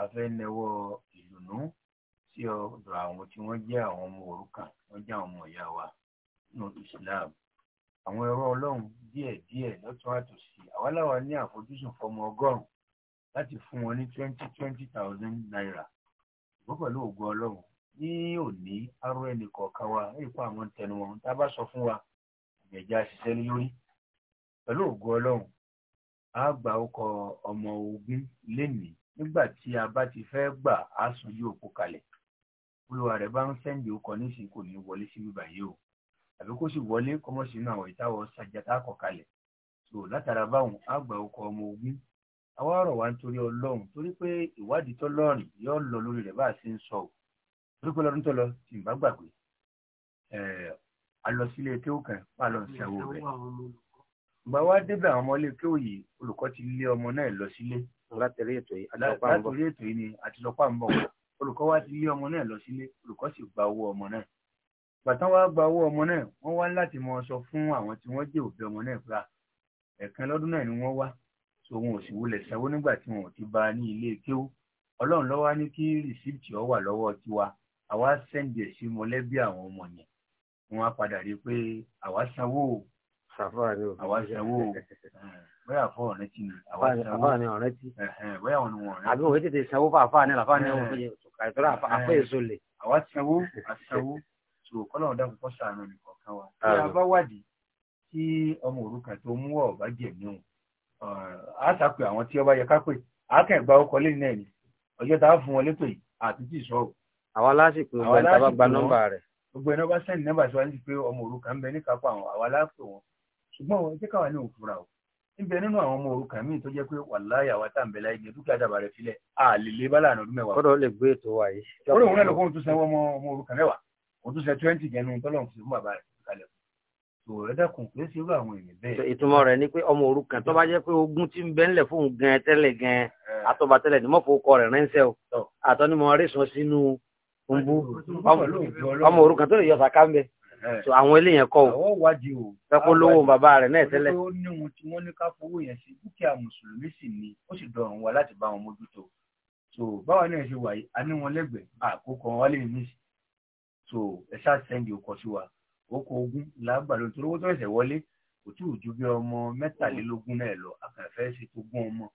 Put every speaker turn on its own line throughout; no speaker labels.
a fẹ́ lẹ́wọ́ ìdùnnú sí ọ̀dọ̀ àwọn tí wọ́n jẹ́ àwọn ọmọ òrukàn wọ́n jẹ́ àwọn ọmọ ìyá wa nínú Islam àwọn ẹ̀rọ ọlọ́run díẹ̀ díẹ̀ lọ́tún àtòsí àwa láwa ní àfojúsùn fọmọ ọgọ́rùn láti fún wọn ní twenty twenty thousand naira ṣùgbọ́n pẹ̀lú ògùn ọlọ́run ní òní arọ ẹnì kọ̀ọ̀kan wa ipa àwọn tẹnu wọn tá a bá sọ fún wa ìgbẹ̀jà ṣiṣẹ́ lórí pẹ̀lú ògùn ọlọ́run a gbà ó kọ ọmọ ogun lénìí nígbà tí a bá ti fẹ́ gbà á sùn yí òkú kalẹ̀ olùwà rẹ̀ bá ń sẹ́ǹdì ó kọ nísìnyí kò ní wọlé sí bíbá yìí o àbí kó sì wọlé kọ́mọ́ sínú àwọn ìtawọ̀ sàjàtà kọ̀ kalẹ̀ so látara báwọn àgbà ọkọ̀ ọmọ ogun àwa rọ̀ wá nítorí ọlọ́run torí pé ìwádìí tó lọ́rìn yóò lọ lórí rẹ̀ bá a ṣe ń sọ o torí pé lọ́dún tó lọ tì bá gbàgbé eh, a lọ sílé kéwù kan lọ ṣàwò rẹ̀ gbà wá débẹ̀ àwọn ọmọ ilé kéwù yìí ti lé ọmọ náà lọ sílé látẹ̀lé ètò yìí àtìlọ́pàá ń bọ̀ látẹ̀lé ètò yìí ni àtìlọ́pàá ń bọ̀ olùkọ́ wa ti lé ọmọ náà lọ sílé olùkọ́ sì gba owó ọmọ náà gbàtán wá gba owó ọmọ náà wọ́n wá láti mọ sọ fún àwọn tí wọ́n jẹ́ òbí ọmọ náà pé ẹ̀ẹ̀kan lọ́dún náà ni wọ́n wá so wọn ò sì wulẹ̀ sanwó nígbà tí wọn ò ti bá a ní ilé kéwú ọlọ́run ló wá ní kí rìsíìtì ọ wà lọ́wọ́ tiwa àwa sẹ́ǹdì sí mọ̀lẹ́bí àwọn ọmọ yẹn wọn á padà rí i pé àwa sanwó àwa sanwó. bóyá fọ ọ̀rẹ́ tí ni àwa ni ọ̀rẹ́ tí bóyà wọn ni wọn ọ̀rẹ́. àbí
òwe tètè sanwó fún àfa ní àfa ní òun fìyẹ
àìsàn àpé èso lè. àwa sanwó àsanwó tó kọ́lá ọ̀dà kọ́kọ́ sàánú nìkan kan wa. bí a bá wádìí tí ọmọ òrukàn tó mú ọ̀bá jẹ̀mí òun a ta pé àwọn tí ọba yẹ ká pè á kàn gba ọkọ lẹ́yìn náà ni ọjọ́ tá a fún wọn létò yìí àti tí ì sọ̀rọ̀. àwa lásìkò ìgbà ìtàbá gba nọ́mbà rẹ̀. gbogbo náà bá sẹ́ni nọ́mbà síwájú pé ọmọ òrukàn ń bẹ níkàápọ̀ àwọn àwa láàpẹ̀ wọn ṣùgbọ́n wọn jẹ́ káwa ní òfurà níbẹ̀ nínú àwọn ọmọ òrukàn míì tó jẹ́ pé wàláyà wa tá à ń bẹ láyé ní dúkìá dàbà rẹ̀ sílẹ̀ àlèlé bá láàrin ọdún mẹ́wàá. kọ́dọ̀ lè gbé ètò wa yìí. ó lè wọ́n náà lọ́kọ́ òtúnṣe ọmọ ọmọ òrukàn mẹ́wàá òtúnṣe twenty jẹ́nu tọ́lọ́run fi fún bàbá rẹ̀ kalẹ̀ kò rẹ̀ dẹ́kun pé sí irú àwọn èèyàn bẹ́ẹ̀. ìtumọ̀
rẹ̀ ni pé ọmọ òrukàn tó bá jẹ́ pé ogún ti ń bẹ ńlẹ̀ fóun gan tẹ́lẹ̀ gan atọ́ba tẹ́lẹ̀ ni o àtọ́ ni mo rí sọ sínú nbú ọmọ òrukàn tó lè yọ sàkà ń Eh. so àwọn eléyẹn kọ́ àwọn wádìí o
fẹ́kọ́ lówó bàbá rẹ̀ náà tẹ́lẹ̀. ó ní ohun tí wọ́n ní ká fowó yẹn sí dúkìá mùsùlùmí sì ni ó sì dọ̀rùn wa láti bá wọn mójútó so báwa náà ṣe wà yìí a ní wọn lẹ́gbẹ̀ẹ́ àkókò wọn lè mí so ẹ ṣáà sẹ́ndì okọ sí wa okò ogun làgbà lóhun torí owó tó ẹsẹ̀ wọlé kò tí ò ju bí ọmọ mẹ́tàlélógún náà lọ àkànfẹ́ ṣe tó gún ọmọ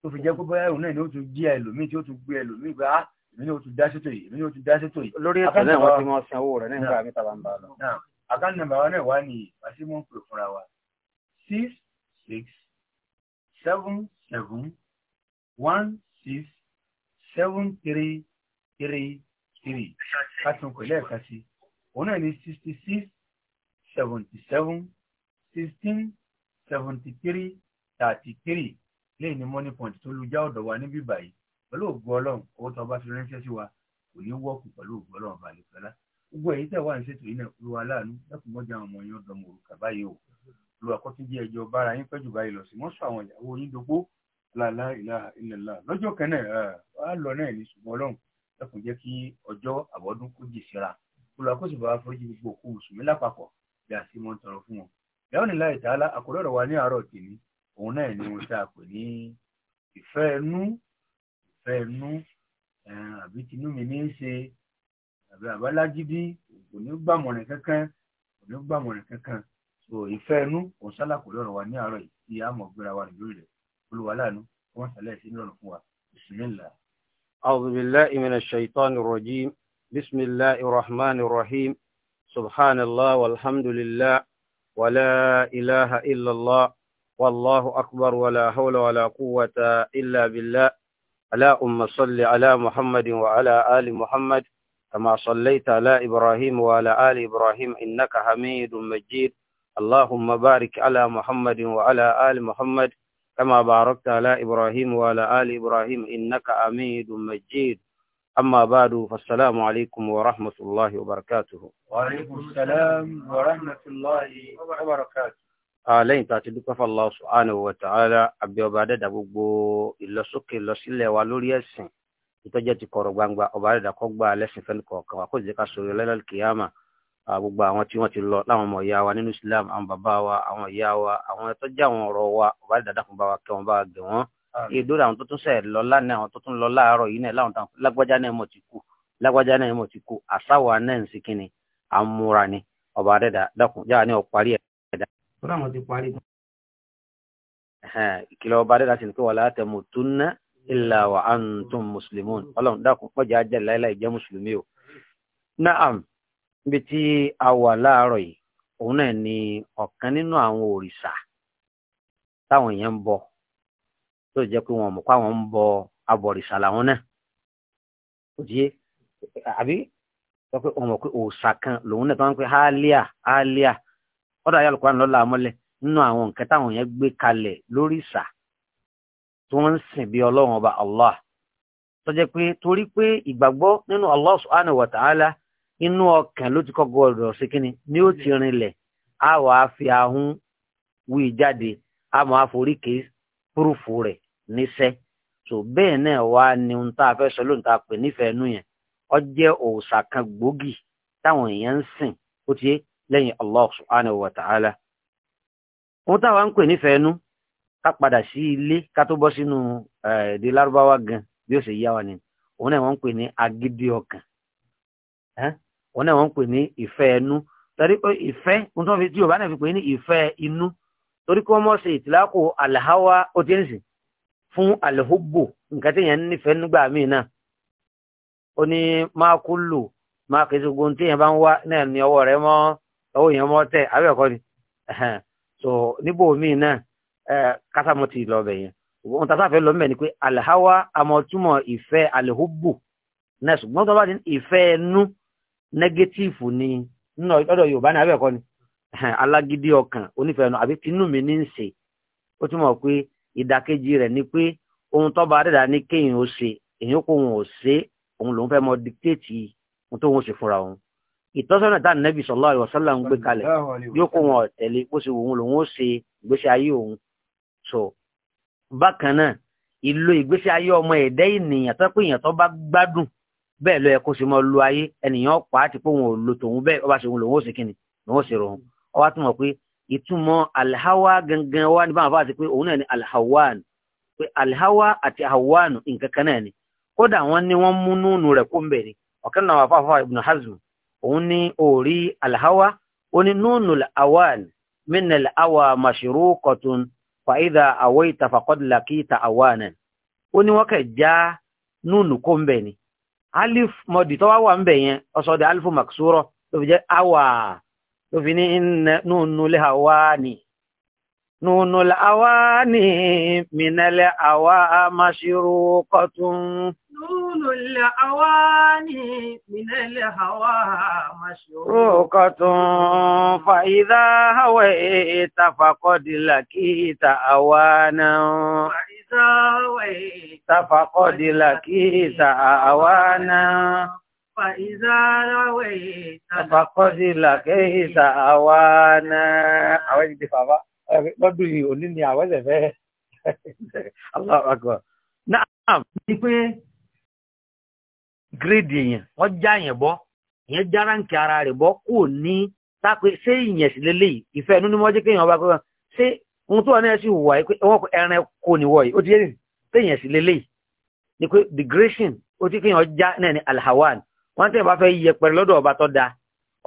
tó fi jẹ́ pé bóyá òun náà ni ó tún jí ẹlòmíì tí ó tún gbé ẹlòmíì bá èmi ni o ti dá sétò yìí èmi ni o ti dá sétò yìí. lórí ètò náà wọ́n ti mọ san owó rẹ̀ nígbà mẹ́ta bá ń bá a lọ. àkáǹtì nàmbà wa náà wà ní wàásù mú pè fúnra wa six six seven seven one six seven three three three kátún kò lẹ́ẹ̀ka sí òun náà ní sixty six seventy seven sixteen seventy three thirty three lẹ́yìn ní money point tó lu já ọ̀dọ̀ wa níbí báyìí pẹ̀lú ògùn ọlọ́run owó tó bá fi ránṣẹ́ sí wa kò ní wọ́ọ̀kù pẹ̀lú ògùn ọlọ́run balẹ̀ pẹ́lá gbogbo èyí tẹ̀ wá ní ṣètò yìí náà olúwa láàánú lẹ́kùn mọ́jà àwọn ọmọ yẹn ọ̀dọ́ mọ̀ òrùka báyìí o olúwa kó tún jẹ́ ẹjọ́ bára yín pẹ́jù báyìí lọ sí wọ́n sọ àwọn ìyàwó yín dopó làlá ìlà ìlẹ̀lá lọ́jọ́ kan náà ah, á lọ náà ní ṣùgbọ́n ọlọ́run lẹ́kùn jẹ́ kí ọjọ́ àbọ̀dún kó jì síra olúwa kó bá foríjì gbogbo òkú mùsùlùmí lápapọ̀ bí a sì mọ́ tọrọ fún wọn ìyàwó ní àárọ̀ ni ohun tá a ìfẹ́ inú àbí tinú mi ní í ṣe àbí àbálágídí kò ní gbàmọ̀ràn kankan kò ní gbàmọ̀ràn kankan so ìfẹ́ inú kò sálà kò lọ́rọ̀ wa ní àárọ̀ yìí tí a mọ̀ gbéra wa lórí rẹ̀ olúwa láàánú kí wọ́n sàlẹ̀ sí nírọ̀rùn fún wa bisimilá.
أعوذ بالله من الشيطان الرجيم بسم الله الرحمن الرحيم سبحان الله والحمد لله ولا إله إلا الله والله أكبر ولا حول ولا قوة إلا بالله اللهم صل على محمد وعلى آل محمد كما صليت على إبراهيم وعلى آل إبراهيم إنك حميد مجيد اللهم بارك على محمد وعلى آل محمد كما باركت على إبراهيم وعلى آل إبراهيم إنك حميد مجيد أما بعد فالسلام عليكم ورحمة الله وبركاته
وعليكم السلام ورحمة الله وبركاته
lẹ́yìn tá a ti dúpẹ́ fún Allah subhanahu wa ta'ala àbí ọba adẹ́dà gbogbo ìlọsókè ìlọsílẹ̀ wa lórí ẹ̀sìn ìtọ́jẹ́ ti kọ̀rọ̀ gbangba ọba adẹ́dà kọ́ gba lẹ́sìn fẹ́ni kọ̀ọ̀kan wa kó sì ká sọ̀rọ̀ lẹ́lẹ́lẹ́ kìyàmà gbogbo àwọn tí wọ́n ti lọ láwọn ọmọ ìyá wa nínú Islam àwọn bàbá wa àwọn ìyá wa àwọn ìtọ́jú àwọn ọ̀rọ̀ wa ọba adẹ́dà dákun bá wa kẹ́ wọn bá wa gẹ̀ wọ́n ìdóra àwọn tó tún sẹ̀ lọ lánàá àwọn tó tún lọ láàárọ̀ yìí náà láwọn táwọn lágbájá náà mọ̀ ti kú lágbájá náà mọ̀ ti kú àsáwà náà ń sikin àmúra ni ọba adẹ́dà dákun jáà ní ọ̀parí ẹ̀ tọ́lá àwọn ti parí. ìkìlọ̀ eh, ọba adéra sì ní pé wala tamutunna illa wa antum muslimun ọlọ́run dákun pọ́jà ajá láíláì jẹ́ mùsùlùmí o. naam ibi tí a wà láàárọ̀ yìí òun náà ni ọ̀kan nínú àwọn òrìṣà táwọn èèyàn ń bọ tó jẹ́ pé wọn mọ̀ pé àwọn ń bọ abọ̀rìṣà làwọn náà kò díẹ̀ àbí wọ́n pé òun mọ̀ pé òòṣà kan lòun náà tó ń pè áálíà áálíà kọ́dà ayé alùpùpù lọ́la àmọ́lẹ̀ nínú àwọn nǹkan táwọn yẹn gbé kalẹ̀ lórí ìsà tí wọ́n ń sìn bí ọba allah tó pé torí pé ìgbàgbọ́ nínú allah subhanahu wa ta'ala inú ọkàn ló ti kọ́kọ́ ọ̀rọ̀ sí ni ó ti rinlẹ̀ a wà á fi ahun wí jáde a máa forí ké púrúfù rẹ̀ níṣẹ́ tó bẹ́ẹ̀ náà wá ní ohun tá a fẹ́ sọ lóhun yẹn jẹ́ gbòógì táwọn èèyàn ń sìn ó lẹ́yìn Allah subhanahu a ta'ala ohun táwa ń pè nífẹ̀ẹ́ nú ká padà sí ilé ká tó bọ́ sínú èdè lárúbáwá gan bí ó ṣe yá wa ni òun náà wọ́n ọkàn òun náà wọ́n ẹnu torí pé ìfẹ́ ohun tó ń fi tí yorùbá náà fi pè ní ìfẹ́ inú torí kí wọ́n mọ̀ ṣe ìtìlákò àlàáwá fún àlẹ́hóbò nǹkan tí èèyàn nífẹ̀ẹ́ nígbà míì ọwọ́ èèyàn mọ́ tẹ̀ àbí ni so níbo míì náà kásámọ́ ti lọ ọbẹ yẹn ohun tá a sáfẹ́ lọ mẹ́ ni pé alhawa amọ̀túmọ̀ ìfẹ́ alhubu náà ṣùgbọ́n tó bá ti ìfẹ́ ẹnu nẹ́gẹ́tífù ni nínú ọ̀dọ̀ yorùbá ní àbí ni alágídí ọkàn onífẹ́ ẹnu àbí tinú mi ní ṣe ó túmọ̀ pé ni pé ohun tó bá ní kéèyàn ó ṣe kò ò ṣe òun fẹ́ ìtọ́sọ́nà tá nẹ́bí sallallahu alaihi wasallam ń gbé kalẹ̀ yóò kó wọn tẹ̀lé bó ṣe wòun lòun ó ṣe ìgbésí ayé òun so bákan náà ìlò ìgbésí ayé ọmọ ẹ̀dẹ́ ènìyàn tó pé èèyàn tó bá gbádùn bẹ́ẹ̀ ló yẹ kó ṣe mọ́ lo ayé ènìyàn pa á ti pé òun ò lo tòun bẹ́ẹ̀ ọba ṣe òun lòun ó ṣe kíni lòun ó ṣe rọrùn ọwá tó mọ̀ pé ìtumọ̀ alhawa gangan wa ní báwọn bá ti pé òun náà ni alhawan pé alhawa àti hawan nǹkan kan náà ni kódà wọ́n ní wọ́n mú núùnù rẹ̀ kó ń bẹ̀ ni ọ̀kan náà wà fáfáfá ibn hazm òun ní òrí alhawa ó ní nunul awal minal awa mashruqatun fa idha awaita faqad laqita awanan ó ní wọ́n kẹ̀ já nùnù kó ń bẹ̀ ni alif mọ̀dì tó wá wà ń bẹ̀ yẹn ọ̀sọ̀dẹ̀ alifu maksuro ló fi jẹ́ awa ló fi ní nùnú lè hawa ni nùnú lè ni minal awa mashruqatun.
طول الأواني من الهوى مشروقة
فإذا هويت فقد لكيت أوانا
فإذا هويت
فقد لكيت أوانا
فإذا رويت
فقد لكيت أوانا أوي دي بابا gbọ́dọ̀ yìí òní ni àwẹ́sẹ̀ fẹ́ Allahu Akbar náà ní pé gírèdì èèyàn wọ́n já èèyàn bọ́
èèyàn já ráǹkì ara rẹ̀ bọ́ kò ní tápé ṣé ìyẹn sì lélẹ́yìí inú ni wọ́n jẹ́ kéèyàn ọba pé ṣé ohun tó wà náà sì wà yìí pé wọ́n ẹran kò ní wọ̀ yìí ó ti yé ni ṣé ìyẹn sì ni pé degradation ó ti kéèyàn já náà ní alhawan wọ́n tẹ̀ bá fẹ́ yẹpẹrẹ lọ́dọ̀ ọba tó da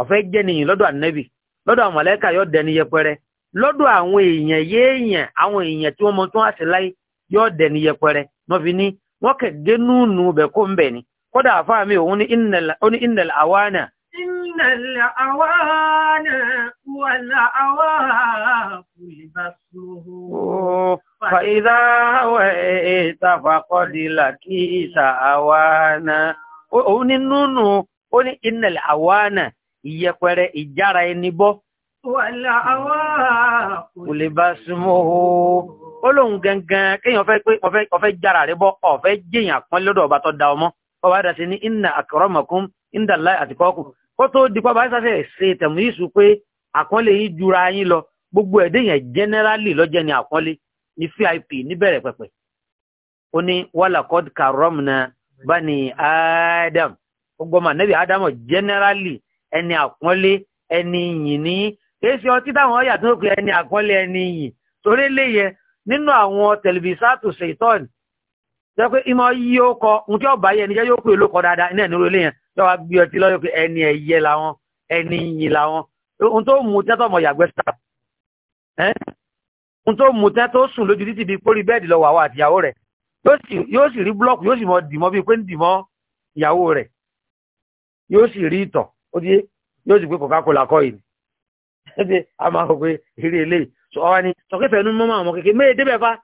ọ̀fẹ́ jẹ́ nìyìn lọ́dọ̀ ànábì lọ́dọ̀ àwọn mọ̀lẹ́kà yóò dẹni yẹpẹrẹ lọ́dọ̀ àwọn èèyàn yéèyàn àwọn èèyàn tí wọ́n mọ tí wọ́n á láyé yóò dẹni yẹpẹrẹ wọ́n fi ní wọ́n kẹ̀ dénú bẹ̀ kó ń bẹ̀ ni kódà àfáà mi òun ní innal awana
innal awana wal awafu libasuhu
oh, fa idha wa'ita faqad lakita awana òun ní núnú ó ní innal awana ìyẹpẹrẹ ìjára ẹni bọ́
wal awafu
libasuhu ó lóun gangan kéèyàn ọ̀fẹ́ jára rẹ̀ bọ́ ọ̀fẹ́ jẹ́yàn pọ́n lọ́dọ̀ ọba tó da ọmọ ọba dà sí ní inna akramakum inda Allahi atqakum kó tó di pọ́ba ṣàṣẹ ṣe tẹ̀mú yìísù pé yìí jura yín lọ gbogbo ẹ̀dẹ́ yẹn generally lọ́jẹ́ ni àkọ́lé ní vip ó ní bani Adam gbogbo ọmọ Adam generally ẹni ẹni yìn ní ọtí táwọn ọyà tó ń pè ẹni ẹni yìn torí lè yẹ jẹ́ pé ìmọ̀ yí ó kọ ohun tí ọba yẹ níjẹ́ yóò pè ló kọ dáadáa iná ìnúró ilé yẹn yóò wá gbé ọtí lọ́yọ̀ pé ẹni ẹ̀yẹ làwọn ẹni yìn làwọn ohun tó mú tẹ́tọ̀ mọ̀ yàgbẹ́ sà ohun tó mú tẹ́tọ̀ sùn lójú títì bíi pórí bẹ́ẹ̀dì lọ́wọ́ àwọn àtìyàwó rẹ̀ yóò sì rí búlọ́ọ̀kù yóò sì mọ dìmọ́ bíi pé ń dìmọ́ ìyàwó rẹ̀ yóò sì rí ìtọ̀ ó di yóò sì pé Coca-Cola kọ́ yìí ṣé a máa kọ pé eré eléyìí sọ wá ní sọ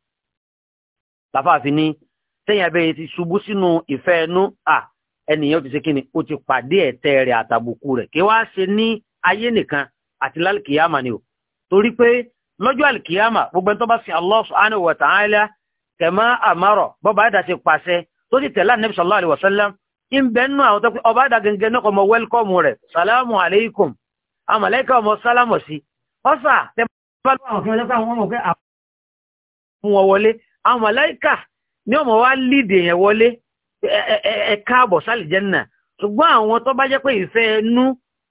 láfààfin ní sẹ́yìn abẹ́yẹ ti ṣubú sínú ìfẹ́ ẹnu à ẹnìyàn ó ti ṣe kí ni ó ti pàdé ẹ̀tẹ́ rẹ̀ àtàbùkù rẹ̀ kí wá ṣe ní ayé nìkan àti lálìkìyàmà ni o torí pé lọ́jọ́ àlìkìyàmà gbogbo ẹni tó bá sin Allah subhanahu wa ta'ala kẹ̀mọ́ àmárọ̀ bọ́ba ẹ̀dá ti pàṣẹ tó ti tẹ̀lé Ànábì sallallahu alaihi wasallam ìbẹ̀ nù àwọn tó ọba ẹ̀dá gẹ́gẹ́ náà kọ́ mọ wẹ́lkọ́mù rẹ̀ salamu aleikum àmàlẹ́kà ọmọ sálámù sí ọ̀sà tẹ́ bá lọ́wọ́ àwọn àwọn màláìkà ní ọmọ wa lídè yẹn wọlé ẹ káàbọ̀ sálìjẹ́nà ṣùgbọ́n àwọn tó bá jẹ́ pé ìfẹ́ ẹnu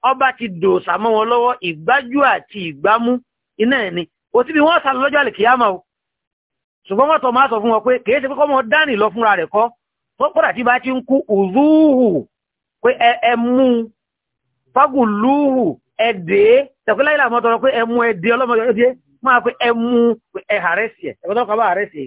ọba ti dò sàmọ́ wọn lọ́wọ́ ìgbájú àti ìgbámú iná ẹ̀ ni kò síbi wọ́n sá lọ́jọ́ o ṣùgbọ́n wọ́n tọ́ máa sọ fún wọn pé kìí ṣe pé kọ́mọ dání lọ fúnra rẹ̀ kọ́ tó pọ̀dà tí bá ti ń kú ùzúhù pé ẹ mú fagùlúhù ẹ̀dẹ́ tẹ̀kúláyìlà mọ́tọ́rọ pé ẹ mú ọlọ́mọdé ẹ mú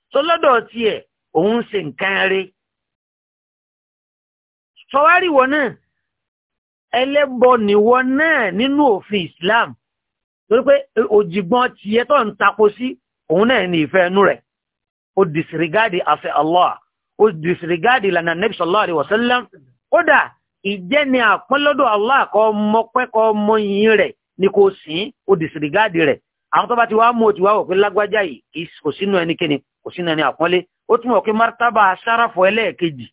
sọlọ́dọ̀ tiẹ̀ òun ṣe nǹkan rí sọwárìwọ̀ náà ẹlẹ́bọ nìwọ náà nínú òfin Islam torí pé òjìgbọ́n tiẹ̀ tó ń tako sí òun náà ní ìfẹ́ ẹnu rẹ̀ ó disregard àṣẹ Allah ó disregard ìlànà Nabi sallallahu alaihi wasallam kódà ìjẹ́ ni àpọ́nlọ́dọ̀ Allah kọ́ mọ́pẹ́ kọ́ mọ́yìn rẹ̀ ni kò sí ó disregard rẹ̀ àwọn tó bá ti wá mú o ti wá wọ̀ pé lágbájá yìí kò sínú ẹnikẹ́ni kò sí náà ní àpọ́nlé ó túnmọ̀ pé martaba sáràfọ́ ẹlẹ́ẹ̀kejì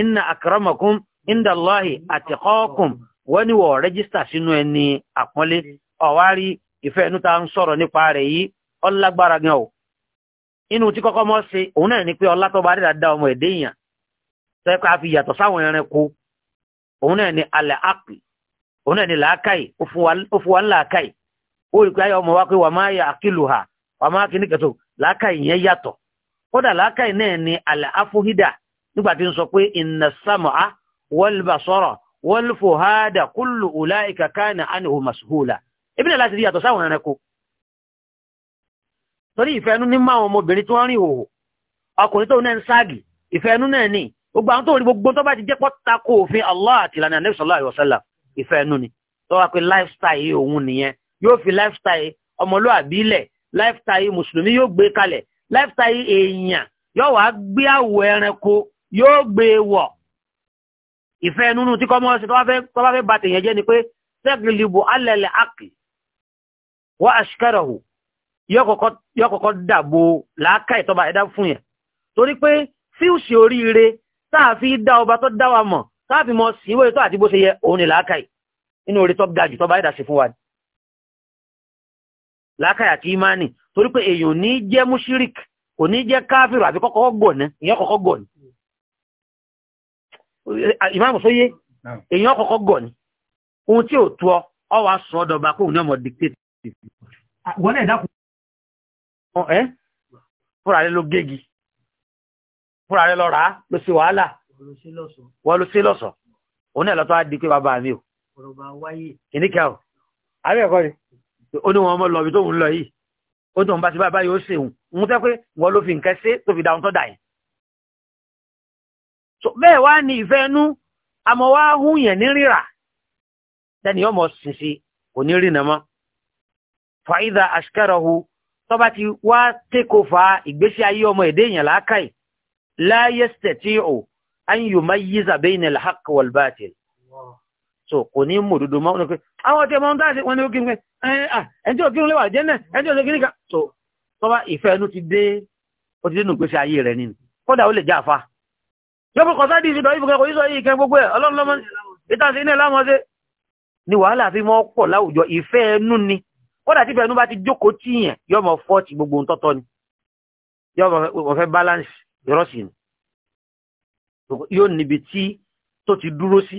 inna akramakum indallahi atqakum wọ́n ní wọ̀ rẹ́gísítà sínú ẹni àpọ́nlé ọ̀wárí ìfẹ́ inú ta ń sọ̀rọ̀ nípa rẹ̀ yìí ọlágbára gan o inú tí kọ́kọ́ mọ́ ṣe òun náà ni pé ọlá tó ọmọ ẹ̀dẹ́ èèyàn tẹ́ a fi yàtọ̀ sáwọn ẹranko òun náà ni alẹ́ àpì òun náà ni ó fún wa ń làákàyè ó rí pé ayé ọmọ wa pé wà yà kódà lákàì náà ni àlàáfóhídà nígbà tí ń sọ pé inna sam'a wal basara wal fuhada kullu ulaika kana anhu mas'ula ebílẹ̀ láti rí yàtọ̀ sáwọn ẹranko torí ìfẹ́nú ní máa ọmọbìnrin tó ń rìn òhò ọkùnrin tó náà ń ságì ìfẹ́nú náà ní gbogbo àwọn tó rí gbogbo tó bá ti jẹ́ pọ́ta kó òfin Allah àti ìlànà Ànábì sallallahu alaihi ni lifestyle èèyàn yóò wá gbé àwọ̀ ẹranko yóò gbé e wọ̀ ìfẹ́ nínú tí kọ́mọ́ sí tọ́wọ́ fẹ́ bá tèèyàn jẹ́ ni pé sẹ́gìlìbò alẹ́lẹ̀ àkì wọ́n aṣkẹ́rọ̀hù yóò kọ́kọ́ dàbò làákà ìtọ́ba ẹ̀dá fún yẹn torí pé fíùsì oríire táàfi dá ọba tó dá wa mọ̀ táàfi mọ̀ sí ìwé tó àti bó ṣe yẹ òun ni làákà yìí nínú orí tó ga jù tọ́ba ẹ̀dá sí fún wa làákà àti ìmánì torí pé èèyàn ní jẹ́ mushrik kò ní jẹ́ káfíìrù àti kọ́kọ́ gbọ̀nà èèyàn kọ́kọ́ gbọ̀nà ìmáàmù sóyé èèyàn kọ́kọ́ gbọ̀nà ohun tí ò tó ọ ọ sọ ọ dọba kóhùn náà mọ dictate. wọ́n lè dákun. ẹ fúra rẹ ló gégi fúra rẹ lọ rà á ló ṣe wàhálà wọ́n ló ṣe lọ́sọ̀ọ́ òun náà lọ́tọ́ á di pé bàbá mi o. ẹ̀kọ́ ni ó ní wọn mọ lọ ibi tó ń lọ yìí ó tóun bá ṣe báyìí báyìí ó ṣèun òun tẹ́ pé wọ́n ló fi nǹkan ṣe tó fi da ohun tó dà yìí. bẹ́ẹ̀ wá ní ìfẹ́ inú àmọ́ wá hún yẹn ní rírà dẹ́ni yóò mọ̀ sèse kò ní rìnà mọ́. fàyídà àṣkẹ́rọ̀hu tó bá ti wá tẹ́kọ̀ fa ìgbésí ayé ọmọ èdè èèyàn láákàyè láyé stẹ̀tí ò an yumayyiza bayna al-haqq wal-batil so kò ní mú òdodo mọ́ ọ́nà pé àwọn ọ̀tẹ̀ máa ń dáàsí wọn ni ó kí n pé ẹjọ́ kí n lẹ́wà jẹ́ náà ẹjọ́ kí n ká so tọ́ba ìfẹ́ ẹnu ti dé ó ti dé nù gbèsè ayé rẹ̀ nínú kódà ó lè já àfa yọ́pọ̀ kọ̀sá di ìfidọ̀ ìfúnkẹ́ kò yíṣọ́ ìkẹ́ gbogbo ẹ̀ ọlọ́run lọ́mọ ìtàsí iná lámọ́sẹ́ ni wàhálà fi mọ́ pọ̀ láwùjọ ìfẹ́ ẹnu ni kódà tí ìfẹ́ ẹnu bá ti jókòó tí yẹn yọ́mọ fọ́ ti gbogbo ohun tọ́tọ́ ni yọ́mọ fẹ́ balance ìrọ́sì ni yóò níbi tí tó ti dúró sí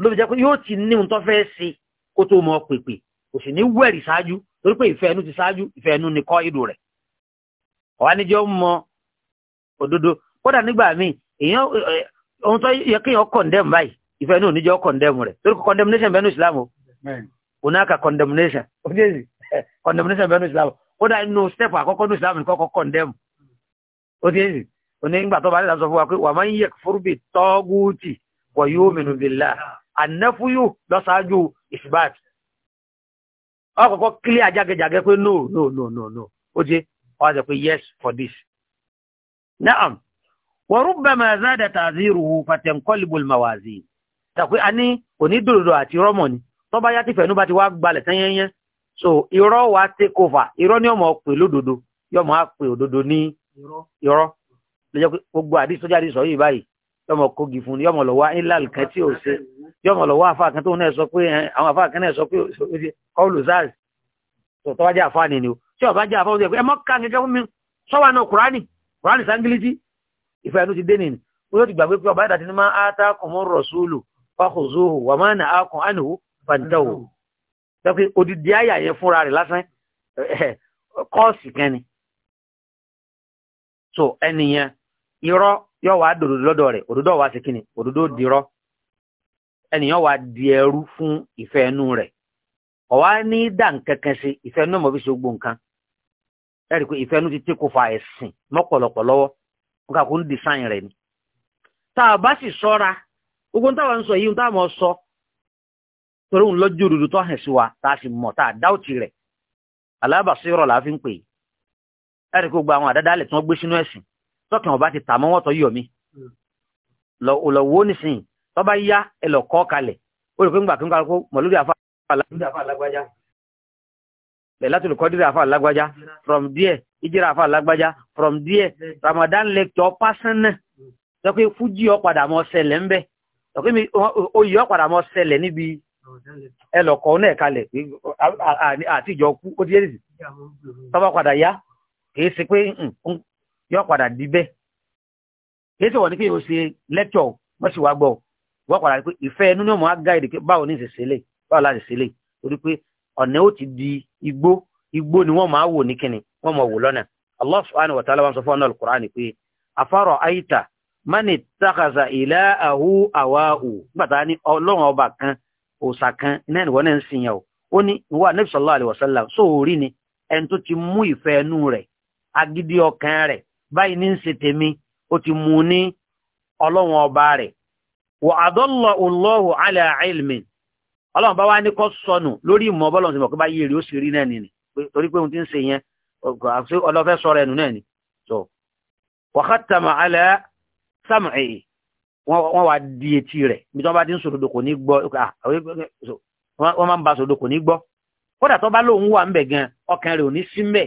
ló fi jẹ́ pé yóò ti ní ohun tó fẹ́ ṣe kó tó mọ pèpè kò sì ní wẹ̀rì ṣáájú torí pé ìfẹ́ ẹnu ti ṣáájú ìfẹ́ ẹnu ni kọ́ ìlú rẹ̀ ọ̀wá níjọ́ mọ òdodo kódà nígbà míì èèyàn eh, ohun tó yẹ kéèyàn kọ̀ndẹ́m báyìí ìfẹ́ ẹnu òníjọ́ kọ̀ndẹ́m rẹ̀ torí condemnation bẹ́ẹ̀ ní Islam o onaka condemnation ojèsì condemnation bẹ́ẹ̀ ní Islam kódà inú step àkọ́kọ́ ní Islam kọ́kọ́ condemn ojèsì onígbà tó bá dé láti sọ fún wa pé wàá máa ń ànáfúyù lọ́sàájú ìsìbáàt ọkọ̀kọ́ kílé ajágẹjàgẹ pé no no no no no ó jẹ́ ọwọ́ jẹ́ pé yes for this na'am wa rubbama zada ta'ziruhu fatanqalibu al-mawazin tàpé a ní onídòdò àti rọ́mọ̀ ni tó bá yá ti fẹ̀nú bá ti wá gbalẹ̀ tẹ́yẹ́yẹ́ so irọ́ wa take over irọ́ ni ọmọ pè lódodo yọmọ á pè òdodo ní irọ́ lọ́jọ́ pé gbogbo àdìsọ́jà àdìsọ́ yìí báyìí yọmọ kogi fún ni yọmọ lọ́wọ́ ilal kan tí ò ṣe yọmọ lọ́wọ́ afa kan tó náà sọ pé àwọn afa kan náà sọ pé kọlù sars tọ́tọ́ wájà afa ni ni o tí ọba jẹ́ afa ó sọ pé ẹ mọ́ ká kẹ́kẹ́ fún mi sọ́wọ́ náà kùránì kùránì sangiliti ìfẹ́ ẹnu ti dé nìyí ó yóò ti gbàgbé pé ọba ìdàtí ni máa á tá kùn mọ́ rọ̀ṣúlù fàkùzóhù wà máa nà á kùn ánìhù yóò wá dòdò lọ́dọ̀ rẹ̀ òdòdó wa ṣe kíni òdòdó dirọ́ ẹnìyàn wa di ẹrú fún ìfẹ́ ẹnu rẹ̀ ọ̀wá ní dà nkankan sí ìfẹ́ ẹnu mọ̀ fi ṣe gbogbo nǹkan ẹ rí i pé ìfẹ́ ẹnu ti tí kò fa ẹ̀sìn mọ́pọ̀lọpọ̀ lọ́wọ́ ń ni tá a bá sì sọ́ra gbogbo ń sọ yìí sọ torí òun lọ́jọ́ òdòdó tó hàn sí wa tá a sì mọ̀ tá a fi ń pè é ẹ rí i pé gbogbo àwọn tọ́kàn ọba ti tàmọ́ wọ́n tọ́ yọ̀ mí hmm. lọ wo nísìn tọ́ bá yá ẹ lọ kọ́ kalẹ̀ ó rò pé ńgbà kíńkà kó mọ̀lúdì àfa alágbájá lẹ́látòlù kọ́dírà àfa alágbájá from there ìjírà àfa alágbájá from there Ramadan pásánà hmm. fújì mọ oyè mọ níbi ẹ lọ náà kú ó ti padà yóò padà di bẹ́ẹ̀ yéé sọ̀rọ̀ ní kí o ṣe lẹ́tọ̀ wọ́n sì wá gbọ́ wọ́n padà pé ìfẹ́ ẹnu náà mọ̀ á gáìdì pé báwo ní ìṣẹ̀ṣẹ̀lẹ̀ báwo láti ṣẹlẹ̀ torí pé ọ̀nà ó di igbó igbó ni wọ́n máa wò ní kíni wọ́n máa wò lọ́nà Allah subhanahu wa ta'ala sọ fún ọ̀nà pé afárọ̀ mani ahu ní ọlọ́run ọba kan òòsà kan iná ìwọ náà ń ó ní ìwọ anabi sallallahu alayhi báyìí ní ń ṣe tèmi ó ti mú ní ọlọ́run ọba rẹ̀ wà àdọ́lọ̀ olóhùn alẹ́ àìlmì ọlọ́run bá wá ní kọ́ sọnù lórí ìmọ̀ ọbọ̀lọ́run ti mọ̀ pé bá yé rí ó sì rí náà nìyí torí pé òun ti ń ṣe yẹn ọlọ́fẹ́ sọ̀rọ̀ ẹnu náà ni so wàhátàmà alẹ́ sàmì wọ́n wá di etí rẹ̀ bí wọ́n bá ti ń sòdodo kò ní gbọ́ ah, wọ́n máa ń ba sòdodo kò ní gbọ́ kódà tó bá lóun wà ń bẹ̀ gan ọkàn rẹ̀ ò ní sí mbẹ̀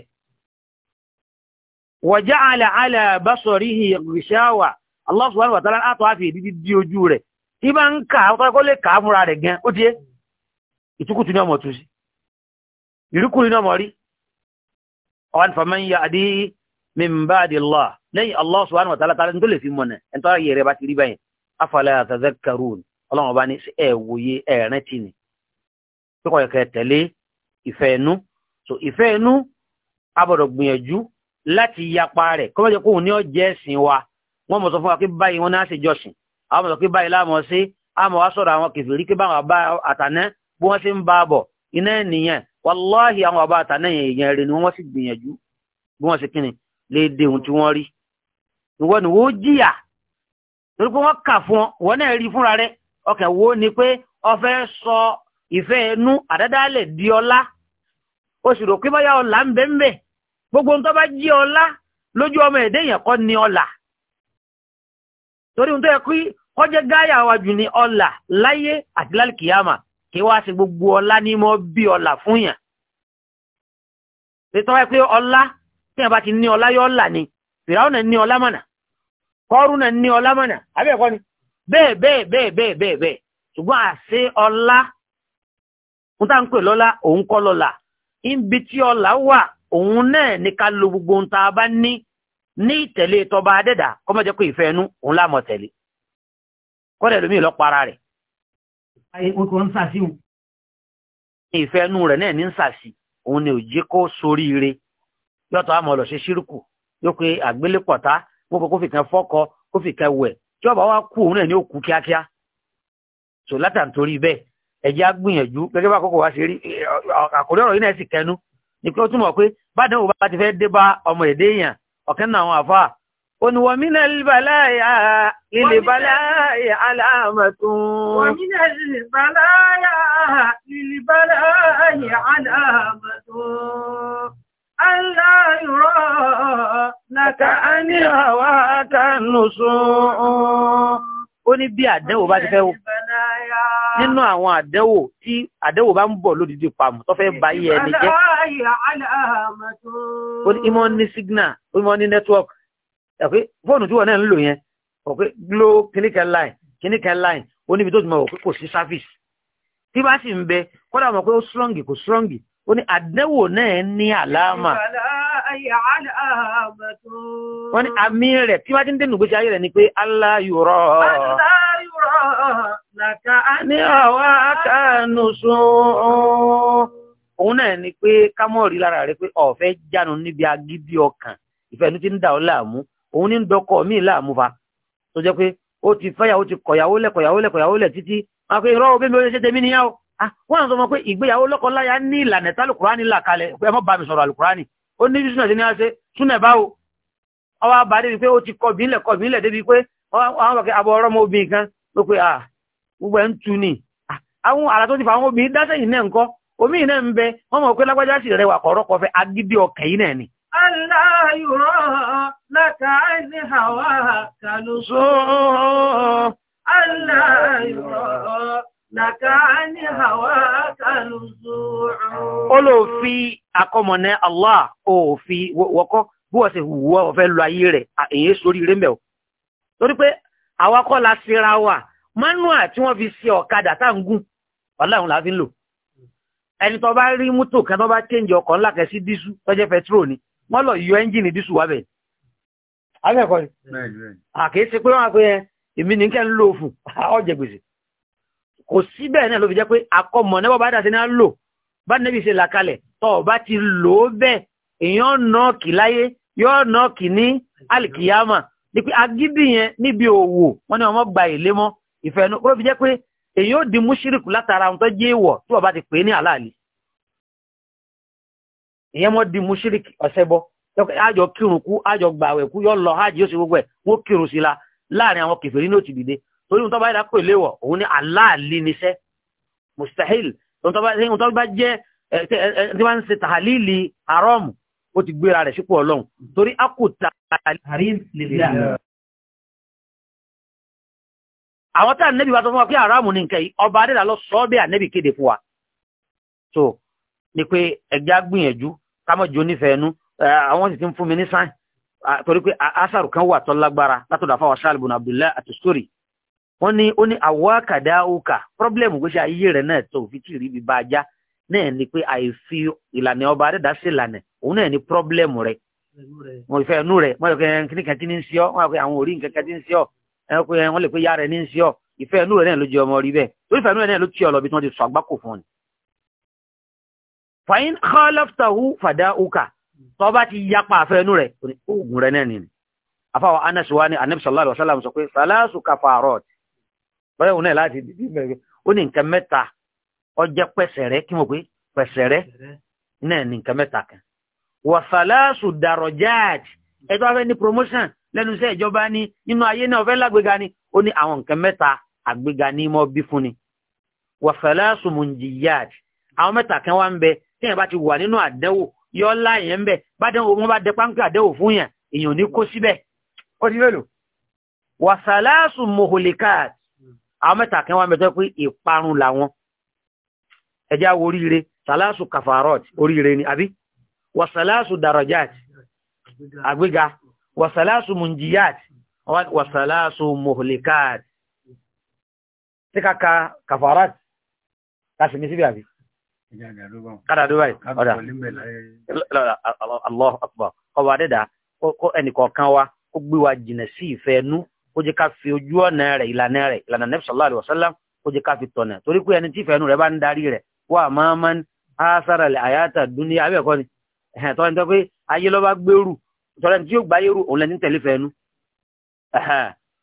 waja'ala ala basarihi ghishawa Allah subhanahu wa ta'ala àtọ́ àfi ìdí di ojú rẹ̀ tí bá ń kà á kọ́ lè kà á múra rẹ̀ gan ó tiẹ́ ìtukùtù ní ọmọ tún sí ìrúkùrù ní rí ọwọ́n Allah lẹ́yìn Allah subhanahu wa ta'ala tó lè fi mọ̀nà ti ní ẹ̀ láti yapa rẹ̀ kọ́ mọ́jọ́ kóhun ní ọ jẹ́ ẹ̀sìn wa wọ́n mọ̀ sọ fún wa pé báyìí wọ́n náà ṣe jọ́sìn àwọn mọ̀ pé báyìí láàmọ̀ sí àmọ̀ wá sọ̀rọ̀ àwọn kèfèrí kí báwọn àbá àtàná bí wọ́n ṣe ń bá bọ̀ iná nìyẹn wàláhì àwọn àbá àtàná èèyàn rẹ̀ ni wọ́n sì gbìyànjú bí wọ́n ṣe kíni léde ohun tí wọ́n rí ìwọ ni wọ́n jìyà torí pé wọ́n kà fún ọ wọ́n náà rí fúnra rẹ̀ ọkàn wo ni pé o fẹ́ sọ ìfẹ́ inú àdádálẹ̀ di ọlá o sì rò pé báyà ọ̀la ń bẹ́ẹ̀ gbogbo nǹkan bá jí ọlá lójú ọmọ èdè kọ́ ni ọlà torí ohun tó yẹ kí kọjẹ́ gáyà wájú ni ọlà láyé àti gbogbo ọlá ní mọ́ bí ọlà fún yàn tètè wáyé pé ọlá tí bá ti ní ọlá ni fìràwọ̀nà ní ọlá mọ̀nà ní ọlá mọ̀nà ni bẹ́ẹ̀ bẹ́ẹ̀ bẹ́ẹ̀ bẹ́ẹ̀ bẹ́ẹ̀ bẹ́ẹ̀ ṣùgbọ́n àṣẹ ọlá lọ́lá òun wà òun náà ni ká lo gbogbo ohun tá a bá ní ní ìtẹ̀lé tọba adẹ́dà kọ́ mọ́jẹ́ pé ìfẹ́ inú òun láàmọ̀ tẹ̀lé kọ́dẹ̀ lómi ìlọ́pọ̀ ara rẹ̀. ìfẹ́ inú rẹ̀ náà ní ń sàṣì òun ni òjì kó sórí ire yọ́tọ̀ àmọ́ lọ ṣe ṣírùkù yóò pé àgbélépọ̀tá gbogbo kó fi fọ́kọ kó fi wẹ̀ tí ọba wa kú òun náà ní òkú kíákíá so látàntorí bẹ́ẹ̀ ẹ̀jẹ̀ á gbìyànjú gẹ́gẹ́ bá kọ́kọ́ wá ṣe rí àkórí ọ̀rọ̀ yìí náà sì kẹnu ní pé ó túmọ̀ pé báyìí náà bá ti fẹ́ dé bá ọmọ èdè èèyàn ọ̀kẹ́ náà àwọn àfa oníwọ̀mínà ìbàláyà ilẹ̀ ìbàláyà
aláàmàtún wọ̀mínà ìbàláyà ilẹ̀ ìbàláyà aláàmàtún aláyọ̀rọ̀ nàkà áníhàwá kanùsùn ó ní bí
àdẹ́wò bá ti fẹ́ wò nínú àwọn àdẹ́wò tí àdẹ́wò bá ń bọ̀ lódìdí pàmù tó fẹ́ bá yẹ ẹni jẹ́ ó ní ìmọ̀ ní signal ó ní ìmọ̀ ní network ẹ̀pẹ́ fóònù tí wọ́n náà ń lò yẹn ọ̀pẹ́ glo clinical line clinical line ó níbi tó ti mọ̀ ọ̀pẹ́ kò sí service tí bá sì ń bẹ kọ́dà mọ̀ pé ó strong kò strong ó ní àdẹ́wò náà ní àlámà wọ́n ní àmì rẹ̀ tí wájú dé nùgbésí ayé rẹ̀ ni pé Allah yòrọ̀
ní ọwọ́ akánusù
òun náà ni pé kámọ́ọ̀rí lára rẹ̀ pé ọ̀fẹ́ jánu níbi agídí ọkàn ìfẹ́nu ti ń dà ọ́ láàmú òun ní ń dọkọ̀ míì láàmú fa tó jẹ́ pé ó ti ti kọ̀yàwó lẹ̀ kọ̀yàwó lẹ̀ kọ̀yàwó ah, lẹ̀ ó ní jùsùnà sí ní àṣẹ súnà báwo ọwọ́ àbá débi pé ó ti kọ̀bínlẹ̀ kọ̀bínlẹ̀ débi pé àwọn kọ̀kẹ́ abọ́ ọ̀rọ̀ obìnrin kan ló pé ah gbogbo ẹ̀ ń tu ni àwọn àrà tó ti fa wọn obi dáṣẹ́ yìí náà ń omi yìí náà ń bẹ mọ̀ pé lágbájá sì rẹwà kọfẹ́ agídí
Nàkàání àwọ̀
Allah wọkọ bí wọ́n sì wọ́ ọ̀fẹ́ lọ ayé rẹ̀ èyí sórí o. Torí pé la fi ṣe ọ̀kadà tá ń gùn, la fi ń lò. Ẹni tó bá rí mútò kan tó bá chẹ́ǹjì ọkọ̀ ńlá dísù pẹtrol ni, wọ́n lọ yọ ẹ́ńjìnì dísù wa bẹ̀. Àbẹ̀kọ́ ni. Àkèé pé wọ́n á pé èmi ní kẹ́ ń lò gbèsè. kò síbẹ̀ náà ló fi jẹ́ pé akọ́mọ̀ náà bá dàtí náà lò bá nẹ́bí ṣe làkalẹ̀ tọ́ bá ti lò ó bẹ́ẹ̀ èèyàn nọ́ọ̀kì láyé yóò nọ́ọ̀kì ní alìkìyàmà ní pé agídí yẹn níbi òwò wọn ni wọn gba èlé mọ́ ìfẹ́ inú ló fi jẹ́ pé èèyàn ò di múṣírìkù látara ohun tó jẹ́ èèwọ̀ tí wọ́n bá ti pè é ní àlàálì ìyẹn mọ́ di múṣírìkì ọ̀sẹ̀ bọ́ àjọ kírun kú àjọ gbàwẹ̀ kú yóò lọ hajj yóò ṣe gbogbo ẹ̀ wọ́n kírun sí la láàrin àwọn kèfèrí ní òtì torí tó bá yẹ kó léwọ̀ òun ní aláàlí níṣẹ́ mustahil tó bá jẹ́ tí wọ́n ń ṣe tàhálìlì àrọ́mù ó ti gbéra rẹ̀ sípò ọlọ́run torí a kò ta àwọn tí ànẹ́bí wa tó fún wa pé àrọ́mù ní nǹkan yìí ọba adẹ́dà lọ sọ bí ànẹ́bí kéde fún wa so ni pé ẹgbẹ́ gbìyànjú kámọ́jú onífẹ̀ẹ́nu àwọn sì ti ń fún mi ní sáìn torí pé asàrù kan wà tó lágbára látọ̀dọ̀ àfáwà sáàlùbùn Abdullah àti sórí wọ́n ní ó ní àwọ̀kàdá òkà pọ́blẹ́mù gbéṣẹ́ ayé rẹ̀ náà tó fi tìrì ibi bá a já náà ni pé àìfi ìlànà ọba adẹ́dá sí ìlànà òun náà ni pọ́blẹ́mù rẹ̀ wọ́n ìfẹ́ ẹnu rẹ̀ wọ́n lè pe kíní kan tí ní ń ṣe ọ́ wọ́n lè pe àwọn orí nǹkan kan tí ń ṣe ọ́ wọ́n lè pe ya rẹ̀ ní ń ṣe ọ́ ìfẹ́ ẹnu rẹ̀ náà ló jẹ ọmọ rí bẹ́ẹ̀ torí ìfẹ́ ẹnu rẹ̀ náà ló tí ọ lọ bí wọ́n ti sọ àgbákò fún ni. yapa àfẹ́ ẹnu rẹ̀ oògùn rẹ̀ náà nìyẹn. afáwọn anasuwa ni anabi sallallahu alayhi báyọ̀ òun náà láti dìbí mẹ́rin ó ní nǹkan mẹ́ta ọjẹ́ pẹ̀sẹ̀ rẹ kí mo pé pẹ̀sẹ̀ rẹ náà ní nǹkan mẹ́ta kan. wàsálàsù dàrọ̀jáàj ẹjọ́ afẹ́ ní promotion lẹ́nu iṣẹ́ ìjọba ní nínú ayé náà ọ̀fẹ́ lágbéga ni ó ní àwọn nǹkan mẹ́ta àgbéga ní mọ́ bí fún ni. wàsálàsù mùnjìyàj àwọn mẹ́ta kan wá ń bẹ tí bá ti wà nínú àdẹ́wò yọ ọ́lá ń bẹ bá dẹ́wò wọn bá dẹ àwọn mẹ́ta kan wá mẹ́tọ́ pé ìparun làwọn ẹjá wo oríire sàlásù kàfàrọ́t oríire ni àbí wàsàlásù darajat àgbéga wàsàlásù munjiyat salasu muhlikat tí kàkà kàfàrọ́t kàfì ní síbí àbí kádà dúbà ọ̀dà Allahu akbar ọba adẹ́dà ẹnìkọ̀ọ̀kan wa ó gbé wa jìnà sí ìfẹ́ nú kó jẹ́ ká fi ojú ọ̀nà rẹ̀ ìlànà rẹ̀ ìlànà nẹ́bí sallallahu alaihi wasallam kó jẹ́ ká fi tọ̀nà torí pé ẹni tí ìfẹ́nu rẹ̀ bá ń darí rẹ̀ wà máa máa ń ására lẹ̀ àyàtà dúnní abẹ́ẹ̀kọ́ ni tọ́lá ní tọ́ pé ayé lọ́ba gbèrú tọ́lá ní tí yóò gbáyé rú òun lẹ́ni tẹ̀lé fẹ́nu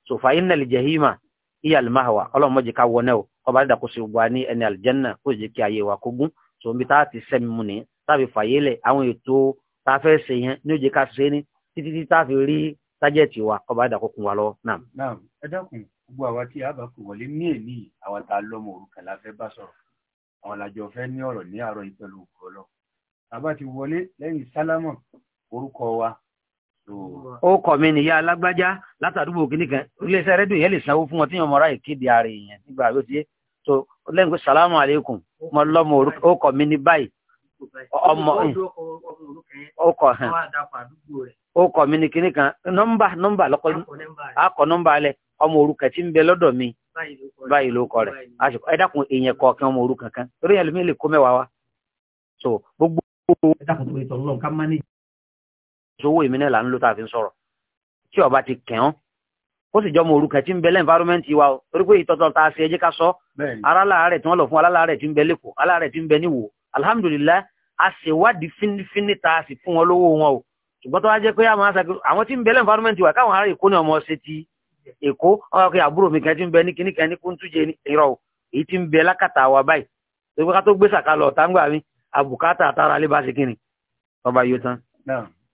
sòfà iná lè jẹ́ hímà iye alimahawa ọlọ́run mọ́jẹ́ ká wọnẹ́ o tájẹ̀tì wa kọba àdàkọ kún wa lọ náà.
náà ẹ dákun gbogbo àwa tí a bá kò wọlé ní èmi àwa tá a lọmọ òrukàn la fẹ́ bá sọ̀rọ̀ àwọn làjọ fẹ́ ní ọ̀rọ̀ ní àárọ̀ yìí pẹ̀lú òkú ọlọ àbá ti wọlé lẹ́yìn sálámọ orúkọ wa.
ó kọ mi nìyá alágbájá látàdúgbò kìíní kan iléeṣẹ́ rédíò yẹn lè sanwó fún wọn tí yọmọ ráyè kéde ààrẹ yẹn nígbà yóò ti yé so lẹ́yìn pé sàlámù aleykum mo lọmọ orúkọ mi ní báyìí
ọmọ ọkọ hàn
ọkọ mi ni kinní kan nọ́mbà nọ́mbà lọkọ akọ nọ́mbà alẹ ọmọ orúkọ tí ń bẹ lọ́dọ̀ mi báyìí ló kọ rẹ ẹ dákun èèyàn kọ̀ọ̀kan ọmọ orúkọ kan torí yẹn lómi lè kó mẹ́wàá wa so gbogbo ẹ dákun tó ìtọ́ lọ́n ká má ní. ìṣòwò èmi náà là ń lò tá a fi ń sọ̀rọ̀ tí ọba ti kẹ̀ ọ́n ó sì jọ ọmọ orúkọ tí ń bẹ lẹ́nfàrọ́mẹ́ǹt wa o torí pé ìtọ́tọ́ ta ṣe ẹjẹ́ ká sọ aláàárẹ̀ tí wọ́n lọ fún aláàárẹ̀ tí ń bẹ lẹ́kọ̀ọ́ alhamdulillah a ṣèwádìí fínífíní ta sì fún wọn lówó wọn o ṣùgbọ́n tó wá jẹ́ pé àwọn aṣàkóso àwọn tí ń bẹ̀lẹ̀ environment wà káwọn ará èkó ní ọmọ ṣe ti èkó ọmọ akẹ́ àbúrò mi kan ti ń bẹ ní kíníkan ní kúntújẹ ní o èyí ti ń bẹ lákàtà wa báyìí tó gbé ká tó gbé sàkálọ̀ táǹgbà mi àbùkátà àtàrà alẹ́ bá ṣe kíni ọba yóò tán.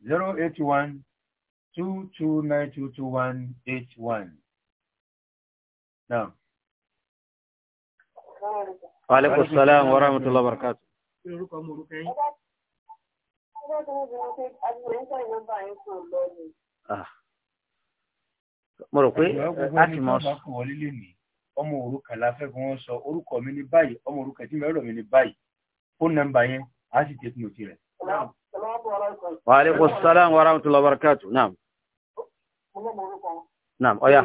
zero eight one two two nine two two one eight one now.
wa aleykum salaam wa rahmatulah wa barakatu kí lorúkọ ọmọ orúkọ yín.
Ah. mo rò pé láti mọ sọ. ọmọ orúkọ la fẹ́ kí wọ́n sọ orúkọ mi ní báyìí ọmọ orúkọ tí mẹ́rọ̀ mi ní báyìí fóònù nọ́mbà yẹn a sì tẹ̀sí nù tirẹ̀.
wa salaam wa rahmatulah barakatu naam. naam ọ̀ya.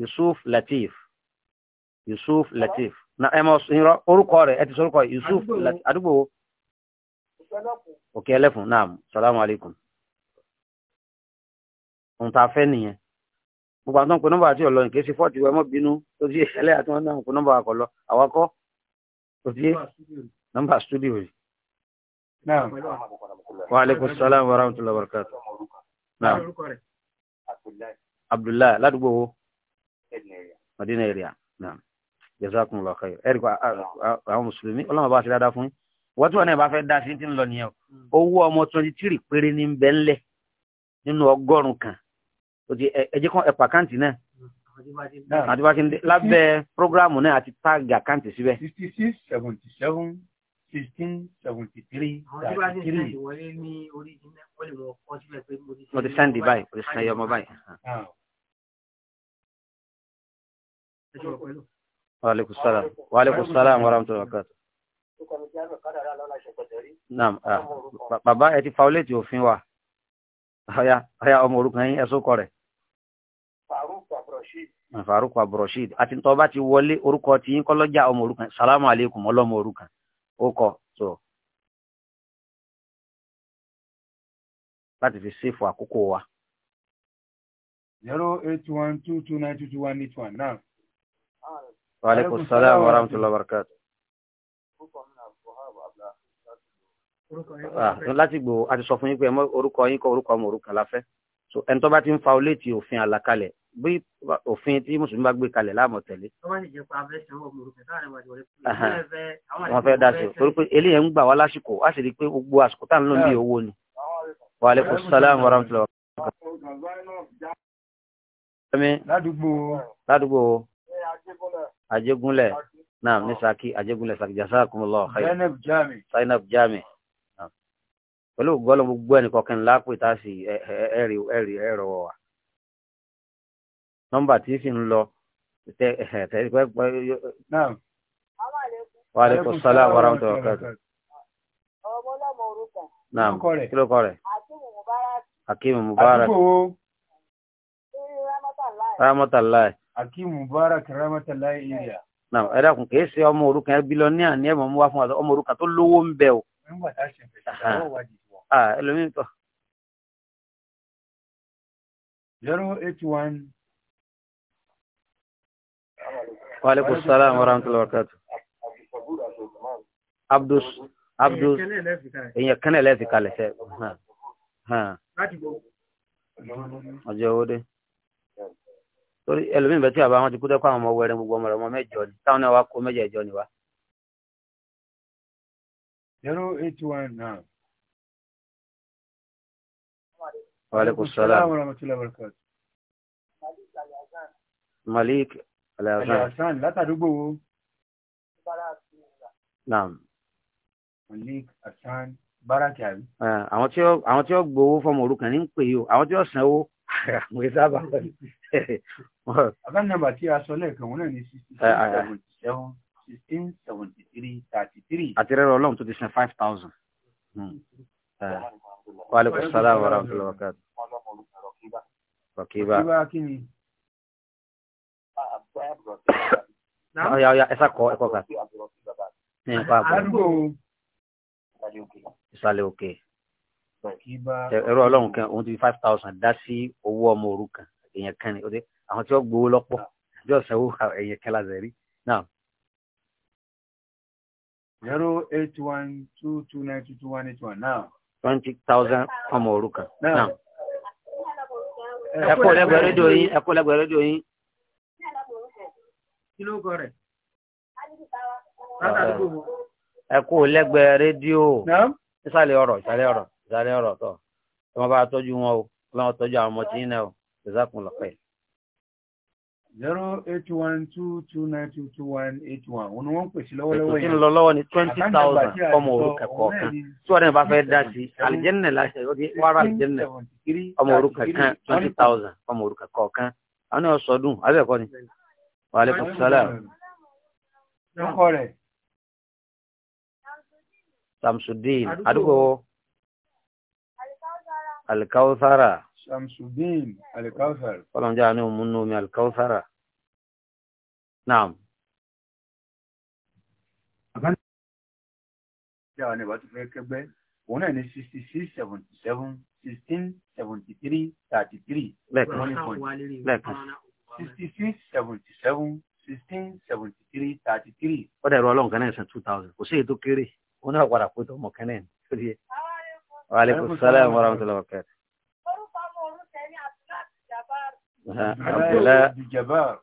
yusuf latif. yusuf latif na ẹ mọ irọ orúkọ rẹ ẹ sọrúkọ yusuf àdúgbò wo òkè ẹlẹfun náà salamu alaykum ohun tá a fẹ nìyẹn gbogbo àwọn tó ń pe nọmba àti ọlọ nìkan ṣe fọọtì wẹmọ bínú tó ti ẹlẹ àti wọn náà ń pe nọmba àkọlọ àwakọ
tó ti nọmba studio rẹ. wa aleykum salaam wa rahmatulah wa barakatu. naam abdullahi
ládùúgbò wo madina area naam jazakumullahu khairan ẹ̀rí pa àwọn mùsùlùmí ọlọ́mọ bá ṣe dáadáa fún yín wọ́n tí wọ́n náà bá fẹ́ dá sí ti ń lọ nìyẹn hmm. owó ọmọ twenty three péré ní bẹ́ńlẹ̀ nínú ọgọ́rùn-ún kan ẹjẹ́ kan ẹ̀pà káǹtì náà hmm.
àti bá ti ń dé lábẹ́
prógráàmù náà àti táàgì àkáǹtì síbẹ̀.
sixty six seventy seven sixteen seventy three thirty three.
mo ti sẹ́ndì báyìí mo ti sẹ́ndì ọmọ báyìí. Ah. Waaleykum salaam. Waaleykum salaam wa rahmatullahi wa barakatuh. Naam. Ah. Bàbá ẹ ti
faulẹ́tì òfin wa. Ọya ọya ọmọ orúkọ yín ẹ̀sùn kọ rẹ̀. Faruk Abrashid. Ah, Àti tọ́ bá ti wọlé orúkọ ti yín kọ́lọ́jà ọmọ orúkọ. Salamu
alaikum ọlọ́mọ orúkọ. Ó kọ so. Láti fi ṣèfù àkókò wa. one náà. وعليكم السلام ورحمة الله
وبركاته ah, láti gbò
àti sọ fún yín pé ẹ mọ orúkọ yín kọ orúkọ ọmọ orúkọ aláfẹ so ẹni tó bá ti ń fa olé ti òfin àlàkalẹ̀ bí òfin tí mùsùlùmí bá gbé kalẹ̀ láàmú tẹ́lẹ̀.
wọn fẹẹ dá sí o torí pé
eléyẹn ń gbà wá lásìkò á sì rí i pé gbogbo àsìkò tá à ń lò ní owó ni.
wa alaikum salaam wa rahmatullahi
wa barakatuh. ládùúgbò. ládùúgbò. Ajégúnlẹ̀ náà ní Saki Ajégúnlẹ̀ Saki jazakumullahu khairan. Zainab Jami. Zainab Jami. Pẹ̀lú gọ́lọ̀ gbogbo ẹnì kọ̀ọ̀kan lápò ìta sí ẹ̀rì ẹ̀rì ẹ̀rọ wa. Nọ́mbà tí sì ń te, te, tẹ pẹ́ pẹ́.
Wa alaikum salaam wa rahmatullahi wa barakatuh. Ọmọ Naam, kí ló kọ Mubarak. Akíni Mubarak.
Àdúgbò wo? akeem mubarak ramatallahi area.
na ẹ dákun kì í ṣe ọmọ òrukàn
ẹ bílíọ̀nìà ní ẹ̀mọ́ mú wá fún wa ọmọ òrukàn tó lówó ń bẹ o. nígbà tá a ṣe fẹsẹ̀ ṣàwọ́ wájú wọn. Ah, ẹlòmíín tọ. zero eight one. wa aleykum salaam wa rahmatullahi wa abdus abdus èèyàn kẹ́nẹ̀ lẹ́ẹ̀fì kalẹ̀ sẹ́.
ọjọ́ owó dé torí ẹlòmíín bẹ tí bàbá wọn ti kú tẹkọ àwọn ọmọ wẹrẹ gbogbo ọmọ rẹ ọmọ mẹ́jọ ni táwọn náà wá kó mẹ́jẹ̀ẹ̀jọ ni wá.
zero eight one nine. waaleykum salaam wa
rahmatullahi wa barakatuh.
malik alhassan. alhassan
látàdúgbò wo. naam. malik alhassan báràkì àbí.
Eh, àwọn tí ó gbowó fọmọ orúkọ ní ń pè yìí o àwọn tí ó sanwó àwọn ìsábà pẹ̀lú.
Àkán nàmbà tí a sọ lẹ́ẹ̀kan wọn náà ní sixty seven sixteen seventy three thirty three. Àti rẹ̀ ọlọ́run tó ti sin five thousand. Hmm. Eh. Wa alaikum salaam wa rahmatullahi wa barakatuh. Rọ̀kíbá. Rọ̀kíbá kí ah, ni?
Ọ̀yà ọ̀yà ẹ̀sà kọ ẹ̀kọ́ kan.
Àdúgbò.
Ìsàlẹ̀ òkè. Ẹ̀rọ ọlọ́run kan òun ti fi five thousand dá sí owó ọmọ òrukàn èèyàn kan ni ọdẹ àwọn tí wọ́n gbowó lọ́pọ̀ ah. àjọ ìsanwó èèyàn kan láti rí náà.
zero eight one two two nine two two one eight one now.
twenty
thousand ọmọ òrukàn náà.
ẹ̀kọ́ lẹ́gbẹ̀ẹ́ rédíò yín ẹ̀kọ́ lẹ́gbẹ̀ẹ́
rédíò yín. kí ló kọ rẹ̀? ẹ̀kọ́ lẹ́gbẹ̀ẹ́ rédíò. ìsàlẹ̀ ọ̀rọ̀ ìsàlẹ̀ ọ̀rọ̀ ìsàlẹ̀ ọ̀rọ̀ tọ̀. tí wọ́n bá tọ́jú wọn o wọ́n tọ́jú àwọn ọmọ tí ń náà o jazakumullahu khair.
zero eight one two two nine two two one eight one òun ni wọ́n ń pèsè lọ́wọ́lọ́wọ́ yẹn. ètò tí ń lọ lọ́wọ́ ni twenty thousand ọmọ òrùka kọ̀ọ̀kan
tí wọ́n bá fẹ́ dá sí alìjẹ́nìlẹ̀
láṣẹ wàrà alìjẹ́nìlẹ̀ ọmọ òrùka kan twenty thousand
ọmọ òrùka kọ̀ọ̀kan àwọn ni wọ́n sọdún abẹ́ẹ̀kọ́ ni. wa
alaikum
Shamsuddin Alikawusar.
Kọ́lọ̀ jẹ́ àánú mú nú omi Alikawusara. Naam.
Àbájáde àwọn ẹ̀bà tó fẹ́ kẹgbẹ́, òun náà ní sixty six seventy seven sixteen seventy three thirty three. Lẹ́ẹ̀kan lẹ́ẹ̀kan. sixty six seventy seven ọlọ́run
kan náà Kò sí èyí kéré. Òun náà padà pé tó mọ̀ kẹ́nẹ̀ Abdullahi Jabbar.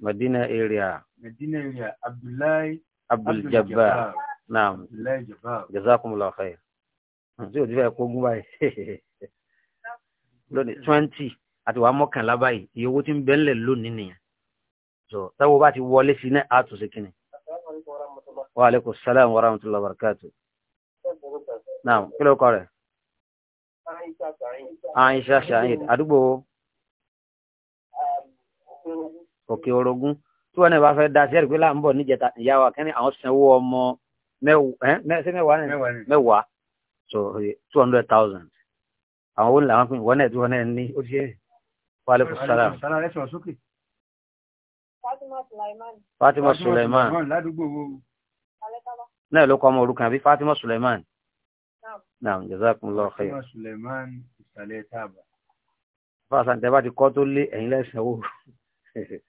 Medina area.
Medina area. Abdullahi
Abdul Jabbar. Naam. Abdullahi Jabbar. Jazakumullahu khair. Ṣé hmm, o ti fẹ́ kó gún báyìí? Lónìí twenty àti wàá mọ́kànlá báyìí iye owó tí ń bẹ́ńlẹ̀ lónìí nìyẹn. So táwo bá ti wọlé sí náà á tún ṣe kínní. Wa aleykum salaam wa rahmatullahi wa
Naam kí ló kọ rẹ̀? Aisha Shahid.
Àdúgbò òkè orogún tí wọn náà bá fẹ́ da sí ẹ̀rí pé là ń bọ̀ níjẹta ìyá wa kẹ́ni àwọn sanwó ọmọ mẹ́wàá so eh, two hundred thousand àwọn owó làwọn pín wọn náà tí wọn náà ní ó ṣe wàhálà kò sára. Fatima Suleiman. Náà ló kọ́ ọmọ orúkọ àbí Fatima Suleiman. Naam, jazakumullahu khair. Fatima
Suleiman ìsàlẹ̀ tábà.
Fáṣà ń tẹ́ bá ti kọ́ tó lé ẹ̀yìn lẹ́sẹ̀ owó.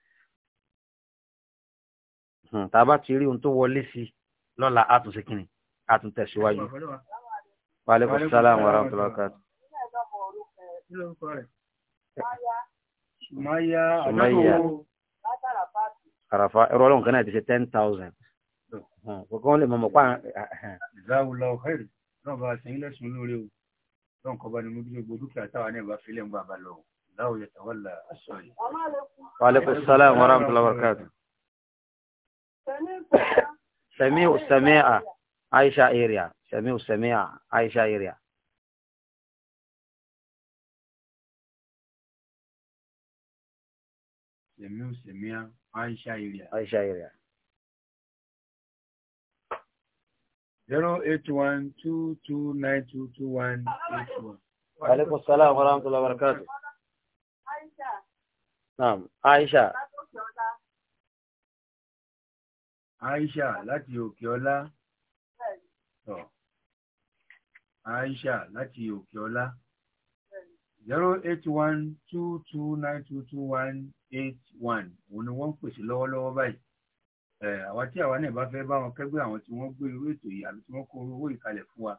tá a bá ti rí ohun tó wọlé sí lọ́la àtúnṣe kìnnì àtún tẹ̀síwájú. Wàlẹ́kùn sálàmù ara ọ̀tọ̀ lọ́kà. Sùmáyà àràfà ọ̀hẹ́rì
náà bá ṣe ilé sùn lórí o. Lọ́n kọ́ bá ní mo bí gbogbo dúkìá táwa náà bá fi lẹ́ngbà bá lọ. Láwùjọ tàwọn là yìí.
Wàlẹ́kùn sálàmù sami'u sami'a aisha area sami'u sami'a aisha area sami'u sami'a aisha area aisha area
08122922181 alaikum salam wa rahmatullahi wa barakatuh
Naam, Aisha. Aisha
láti òkè ọlá. Aisha láti òkè ọlá. zero eight one two two nine two two one eight one òun ni wọ́n ń pèsè lọ́wọ́lọ́wọ́ báyìí. àwa tí àwa náà bá fẹ́ bá wọn kẹ́gbẹ́ àwọn tí wọ́n gbé irú ètò yìí àbí tí wọ́n kó owó ìkalẹ̀ fún wa.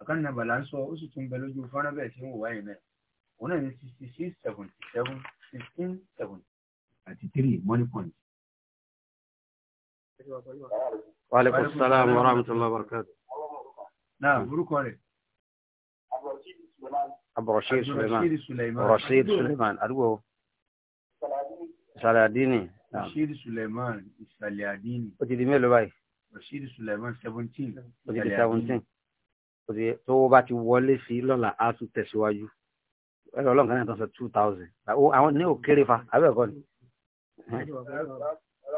àkáǹtì nàbà là ń sọ ó sì tún bẹ lójú fọ́nrán bẹ́ẹ̀ tí ń wò wáyé náà. òun náà ní sixty six seventy seven sixteen seventy thirty three money point. Wàlẹ́kùn sálàmù warahmatullahi wabarakatuh. Náà, orúkọ rẹ̀. Abọ̀rọ̀ṣíd Suleiman. Rọ̀ṣíd Suleiman, àdúgbò.
Ìsàlẹ̀ àdínì. Rọ̀ṣíd
Suleiman, ìsàlẹ̀ àdínì.
Ó ti di mélòó báyìí?
Rọ̀ṣíd Suleiman, 17. Ó ti di 17.
Ó ti tó bá ti wọlé sí lọ́la, á tún tẹ̀síwájú. Ẹ̀rọ ọlọ́run kan náà tó sọ 2000. Àwọn ní òkèrè fa, àbẹ́ẹ̀kọ́ ni.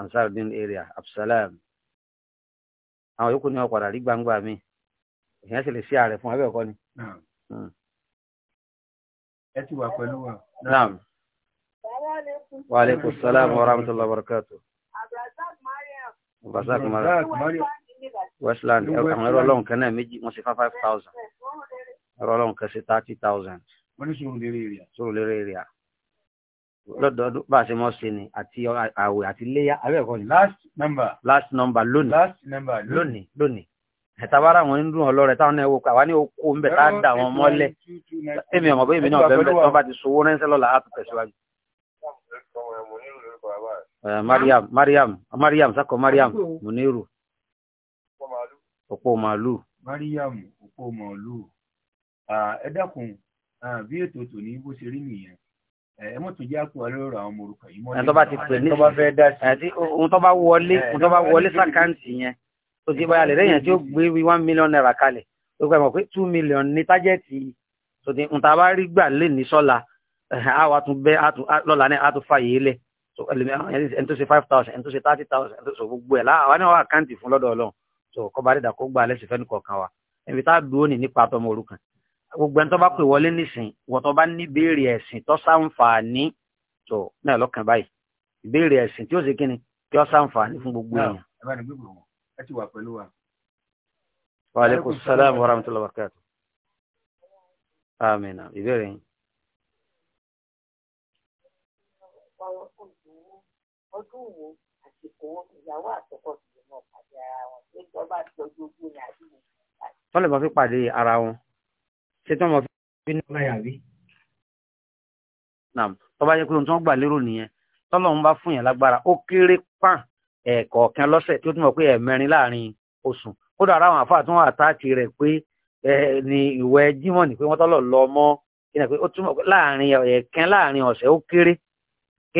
ansar bin area absalam àwọn yòókù ní ọ̀padà rí gbangba mi èèyàn sì lè ṣe ààrẹ fún abẹ́ ẹ̀kọ́ ni. Hmm.
ẹ ti wà pẹ̀lú wa. naam
wa aleykum salaam wa rahmatulah wa barakatu. abdulrasaq mariam
westland àwọn ẹ̀rọ ọlọ́run kan náà méjì wọ́n ṣe fá five thousand ẹ̀rọ ọlọ́run kan ṣe thirty thousand. wọ́n ní sùúrù lérè èrè à. lérè èrè lọ́dọọdún bá a ṣe mọ́ ṣe ni àti àwẹ̀ àti léyà abẹ́ẹ̀kọ́ ni. last number. last number lónìí. last
number lónìí
lónìí. ẹ̀ta bára àwọn ń dùn ọlọ́rẹ̀ táwọn náà wò pé àwa ní oko ń bẹ tá a dà wọn mọ́lẹ̀.
èmi ọmọ bẹ́ẹ̀ mi náà bẹ́ẹ̀ bẹ́ẹ̀ tí wọ́n bá ti sowó rẹ́ńsẹ́ lọ́la á tún tẹ̀síwájú. mariam
mariam mariam sakọ mariam muniru òpó màálù.
mariam òpó màálù ẹ dákun bí ètò tòní bó ṣe rí nìyẹn ẹ̀mọ́ tó jẹ́ àpò ọlọ́rọ̀ àwọn ọmọ orúkọ yìí mọ́ ní ọba ti pè ní
ohun tó bá wọlé ohun tó bá wọlé sàkáǹtì yẹn tó ti báyà lè rẹ̀yìn tí ó gbé wí one million naira kalẹ̀ tó gbà mọ̀ pé two million ní tájẹ́ẹ̀tì tó ti nta bá rí gbà lè ní sọ́la eh, a wà tún bẹ́ lọ́la ní a tún fa yìí lẹ̀ so ẹni tó ṣe five thousand ẹni tó ṣe thirty thousand ẹni tó ṣe gbogbo ẹ̀ láwa ní àwọn àkáǹtì fún lọ́dọ̀ ọlọ́run so kọ́ba gbogbo ẹni tó bá pè wọlé nísìn wọ́n tó bá ní béèrè ẹ̀sìn tó ṣàǹfààní tó náà lọ́kàn báyìí ìbéèrè ẹ̀sìn tí ó ṣe kíni kí ó ṣàǹfààní fún gbogbo èèyàn.
ẹ bá ní gbígbó wọn ẹ ti wà pẹ̀lú wa.
wa aleykum salaam wa rahmatullahi
wa barakatuh.
àmín ìbéèrè yín.
ọdún wo àsìkò ìyàwó àtọkọ tìlú náà pàdé ara wọn nígbà bá tọjú ojú ni àdúgbò.
wọ́n lè máa fi pàdé ara wọn. ṣetán ọ̀fẹ́ ní ọ̀gáyà bí. ya tó bá yẹ pé ohun tí wọ́n gbà lérò nìyẹn tọ́lọ́run bá fún yẹn lágbára ó kéré pàn ẹ̀ẹ̀kọ̀ọ̀kan lọ́sẹ̀ tí ó túnmọ̀ pé ẹ̀ẹ̀mẹrin láàrin oṣù kódà ara àwọn pé jímọ̀ pé wọ́n tọ́lọ̀ lọ mọ́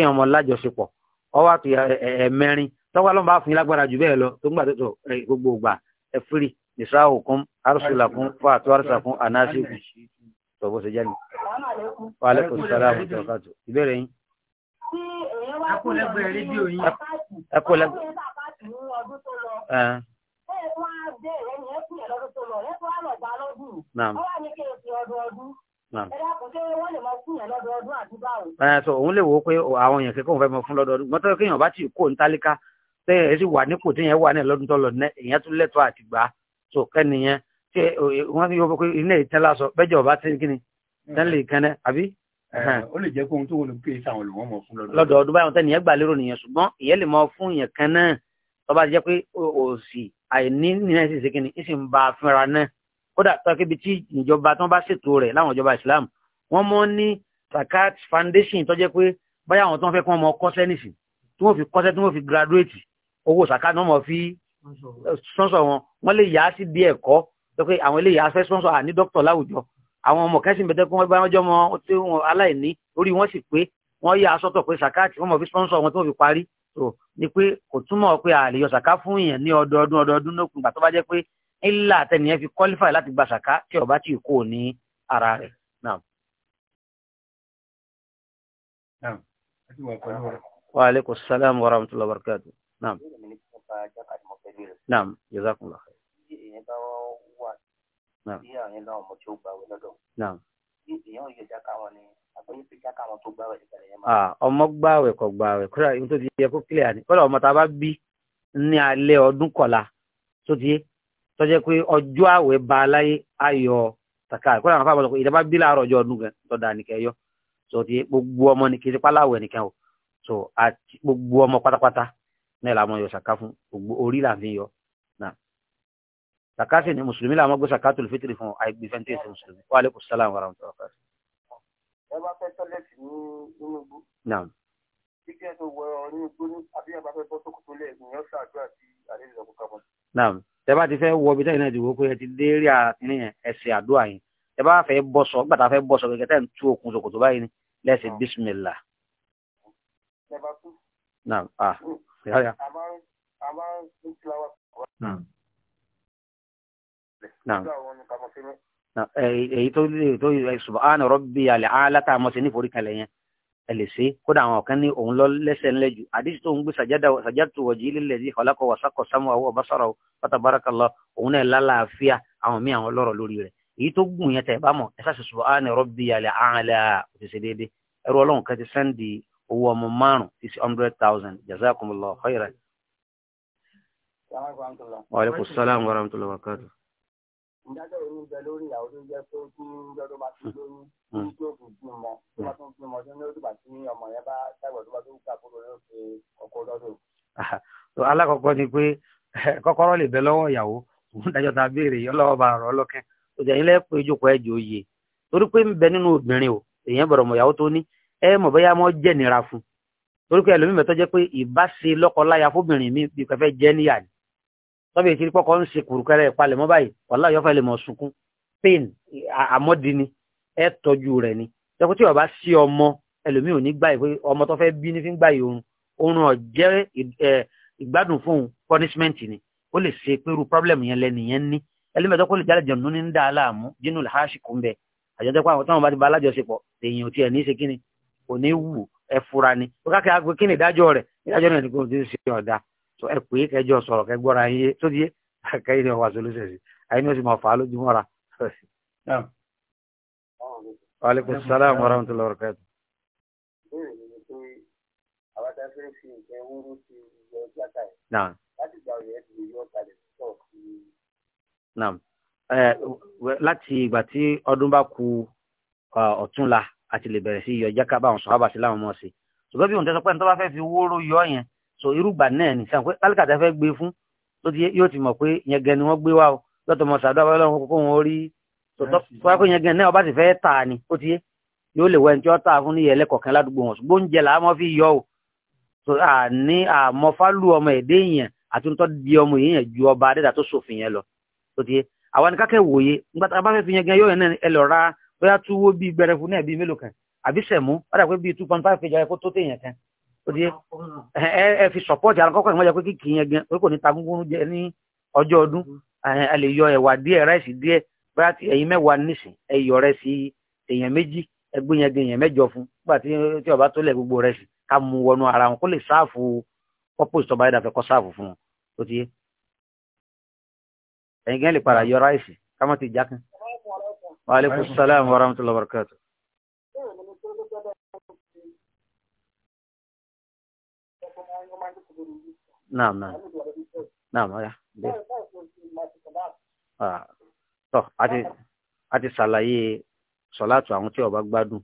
ó lájọṣepọ̀ ọwọ́ ẹ̀ẹ̀mẹrin tọ́wọ́ lọ tó ń gbà nisa'ukum arsulakum fa tuwarsakum anasikum so bo se je ni
wa alaikum salam wa barakatu ìbéèrè yín ako le gbe radio yín ako le eh
Naam. so òun lè wo pé àwọn èèyàn kékeré òun fẹ́ mọ fún lọ́dọọdún. Mọ́tò kéèyàn bá ti kó ń tálíká. Tẹ́yẹ̀ sì wà nípò tí yẹn wà ní lọ́dún tó lọ, ìyẹn
tún lẹ́tọ̀ọ́ àti gbà
so kẹ́niyẹn tí wọ́n ti yọ pé iná ìtẹ́lá sọ bẹ́jọ̀ ọba tí
kí ni hmm. tẹ́lẹ̀ kẹ́nẹ́ àbí. Eh, ó lè jẹ́ kóhun tó wọn ló pè é sáwọn olùwọ́n mọ̀ fún lọ́dọ̀. lọ́dọ̀ ọdún
báyọ̀ tẹ́niyẹn gbà lérò nìyẹn ṣùgbọ́n ìyẹn lè mọ fún yẹn kan náà tọ́ba ti jẹ́ pé òsì àìní nìyẹn sì ṣe kí ni ń sì ń ba fúnra náà kódà tó akébi tí ìjọba tó bá ṣètò rẹ̀ láwọn ìjọba Islam wọ́n mọ́ ní zakat foundation tó jẹ́ pé báyà àwọn tó ń fẹ́ kí wọ́n mọ kọ́sẹ́ nìsín tí wọ́n fi kọ́sẹ́ tí wọ́n fi graduate owó zakat náà mọ̀ fi Eh, sponsor wọn wọ́n lè yà á sí bí ẹ̀kọ́ pé àwọn ilé yà á fẹ́ sponsor àní dókítà láwùjọ àwọn ọmọ kẹ́sìn bẹ̀tẹ̀ kí wọ́n bá wọn jọ mọ tí wọn aláìní orí wọn sì pé wọ́n yà á sọ́tọ̀ pé sàkáàtì wọ́n mọ̀ fi sponsor wọn tí wọ́n fi parí so ni pé kò túmọ̀ pé àlè yọ sàká fún yẹn ní ọdọọdún ọdọọdún lókun ìgbà tó bá jẹ́ pé ńlá àtẹnìyẹn fi qualify láti gba sàká tí ó bá tí kò ní ara rẹ̀ náà. Wa alaikum salaam wa rahmatullahi wa barakatuh. Naam naam jazakumullah khair. èèyàn bá ah bí
àwọn yẹn láwọn ọmọ tí ó gbà wẹ̀ lọ́dọ̀
naam èèyàn yóò já káwọn ni àgbẹ̀yìn fi já káwọn tó gbà wẹ̀ nígbà yẹn máa. Ah, ọmọ gbà wẹ̀ kò gbà wẹ̀ kúrò àyè tó ti yẹ kó kílẹ̀ àní kọ́lá ọmọ tá a bá bí ní alẹ́ ọdún kọ̀la tó ti yé tọ́jẹ́ pé ọjọ́ àwẹ̀ a aláyé ayọ̀ tàkà kúrò àwọn afábọ̀lọ́kọ̀ ìdábà bí láàárọ̀ ọjọ́ ọdún gan tọ́da nìkẹ́ yọ tó ti yé gbogbo ọmọ nìkejì páláwẹ̀ nìkẹ́ o so àti gbogbo ọmọ pátápátá náà làwọn yọ ṣàká fún gbogbo orí làfin yọ náà ṣàká sì ni mùsùlùmí làwọn gbé ṣàká tó lè fitiri fún àìgbé fẹ́ntì sí mùsùlùmí wa alaikum salaam wa rahmatullahi
wa barakatuh. ẹ bá fẹ́ tọ́lẹ̀tì ní inú igbó. naam. bí kí ẹ tó wọ ọ inú igbó àbí ẹ bá fẹ́ bọ́ sókòtò lẹ̀ ìyẹn ṣàdúrà sí àlejò ọkọ̀ kan.
naam tẹ bá ti fẹ́ wọ ibi tẹ́yìn náà ti wò pé
ẹ ti
ah. Ya, ya. Èyí tó tó
subhana rabbi al-aala tá a mọ̀ sí ní forí kalẹ̀ yẹn. Ẹ lè ṣe kódà àwọn kan ní òun lọ lẹ́sẹ̀ ńlẹ̀ jù. Àdìsí tó ń gbé sajadtu wajhi lilladhi khalaqa wa saqqa sam'ahu wa basarahu wa tabarakallah òun náà lálàáfíà àwọn míì àwọn lọ́rọ̀ lórí rẹ̀. Èyí tó gùn yẹn tẹ̀ bá mọ̀ ẹ sáà sì subhana rabbi al-aala òṣèṣe déédéé. Ẹrú ọlọ́run kan ti sẹ́ndì owó ọmọ márùn six hundred thousand jazakumullahu khairan.
wa alaikum salaam wa
rahmatullahi wa barakatuh.
ìdájọ́ ìlú ń bẹ lórí ìyàwó tó jẹ́ pé kí lọ́dún bá ti lóyún kí tó fi bímọ tó bá tún bímọ tó ní òdùbà tí ọmọ yẹn bá ṣàgbọ̀ tó bá tún kà kúrò yóò fi ọkọ lọ́dọ̀.
alákọ̀ọ́kọ́ ni pé kọ́kọ́rọ́ lè bẹ lọ́wọ́ ìyàwó òun dájọ́ ta béèrè ọlọ́wọ́ bá rọ̀ ọlọ́kẹ́ òjò yín lẹ́pẹ́ ìjókòó ẹ̀jọ̀ òye torí pé ń bẹ nínú obìnrin o èèyàn bọ̀rọ̀ mọ̀ ìyàwó tó ní ẹ mọ̀ bóyá mọ́ jẹ́ nira fún torí pé ẹlòmíì mẹ́tọ́ jẹ́ pé ìbáṣe lọ́kọláya fóbìnrin mi bí kẹfẹ́ jẹ́ níyà ni tọ́bi ètí pọ́kọ́ ń ṣe kùrùkẹrẹ ìpalẹ̀ mọ́ báyìí wàhálà yọ́fẹ́ lè mọ̀ sunkún pain àmọ́dini ẹ tọ́jú rẹ̀ ni tẹ́kọ̀ tí bàbá sí ọmọ ẹlòmíì ò ní gbà pé ọmọ tó fẹ́ bí ní fi ń gbà yìí oorun oorun ọ̀jẹ́ ìgbádùn fóun punishment ni ó lè ṣe pẹ̀rú problem yẹn lẹ́nìyẹn ní ẹlẹ́mẹ̀tọ́ kó lè jálẹ̀ jẹ̀nu ní ń dá aláàmú jínú làásìkò ń bẹ àjọ́jọ́ pé àwọn táwọn kò ní wù ni agbe kí ni ìdájọ́ rẹ̀ ìdájọ́ náà ni kò ti ṣe ọ̀dà tó ẹ pè kẹjọ sọ̀rọ̀ kẹ yín tó di
kẹyìn náà wà sí àyè ni ó sì máa fà á
Naam.
Naam. Láti ìgbà tí ọdún bá ku àti lè bẹ̀rẹ̀ sí yọ jáká báwọn sọ̀hábà sí láwọn ọmọ sí ṣùgbọ́n bí òun tẹ́ sọ pé ní tó fẹ́ fi wóró yọ yẹn so irúgbà náà ní pé tálíkàtà fẹ́ gbé fún tó ti yóò ti mọ̀ pé yẹn gan ni wọ́n gbé wá o lọ́tọ̀ mọ̀ sàdúrà bá lọ́wọ́ kókó wọn rí tòótọ́ wá pé yẹn gan náà ọba sì fẹ́ tà ní ó ti yé yóò lè wọ ẹni tí ó tà fún níyẹn lẹ́kọ̀ọ̀kan ládùúgbò wọn ṣùgbọ́n oúnjẹ làá mọ́ fi yọ o so àní àmọ́fálù ọmọ èdè yẹn àti tó di ọmọ yẹn ju ọba adẹ́dà tó sòfin yẹn lọ tó ti yé àwọn ẹni kákẹ́ wòye nígbà tá a bá fẹ́ fi yẹn gan yóò yẹn náà ẹ lọ ra bóyá túwó bíi gbẹrẹfu náà bíi mélòó kan àbí sẹ̀mú ọ̀dà pé bíi two point five kg ẹ̀kọ́ tó téèyàn kan di ẹ ẹ fi support àwọn kọ́kọ́ ìmọ̀jà pé kìkì yẹn gan pé kò ní ta gúngún jẹ ní ọjọ́ ọdún a lè yọ ẹ̀wà díẹ̀ ráìsì díẹ̀ bóyá ti ẹ̀yin mẹ́wàá nísìn ẹ yọ rẹ sí èèyàn méjì ẹgbẹ́ yẹn gan èèyàn mẹ́jọ fún nígbà tí tí ọba tó lẹ̀ gbogbo rẹ sí ká mu wọnú ara wọn kó lè sáàfù purpose tọba yẹn dàfẹ́ kọ́ sáàfù fún wọn ó ti yé ẹ̀yin gan lè padà yọ ráìsì ká má ti já kan
وعليكم السلام ورحمة
الله وبركاته نعم نعم نعم
tọ́ àti ṣàlàyé sọ̀láàtù àwọn tí ọba gbádùn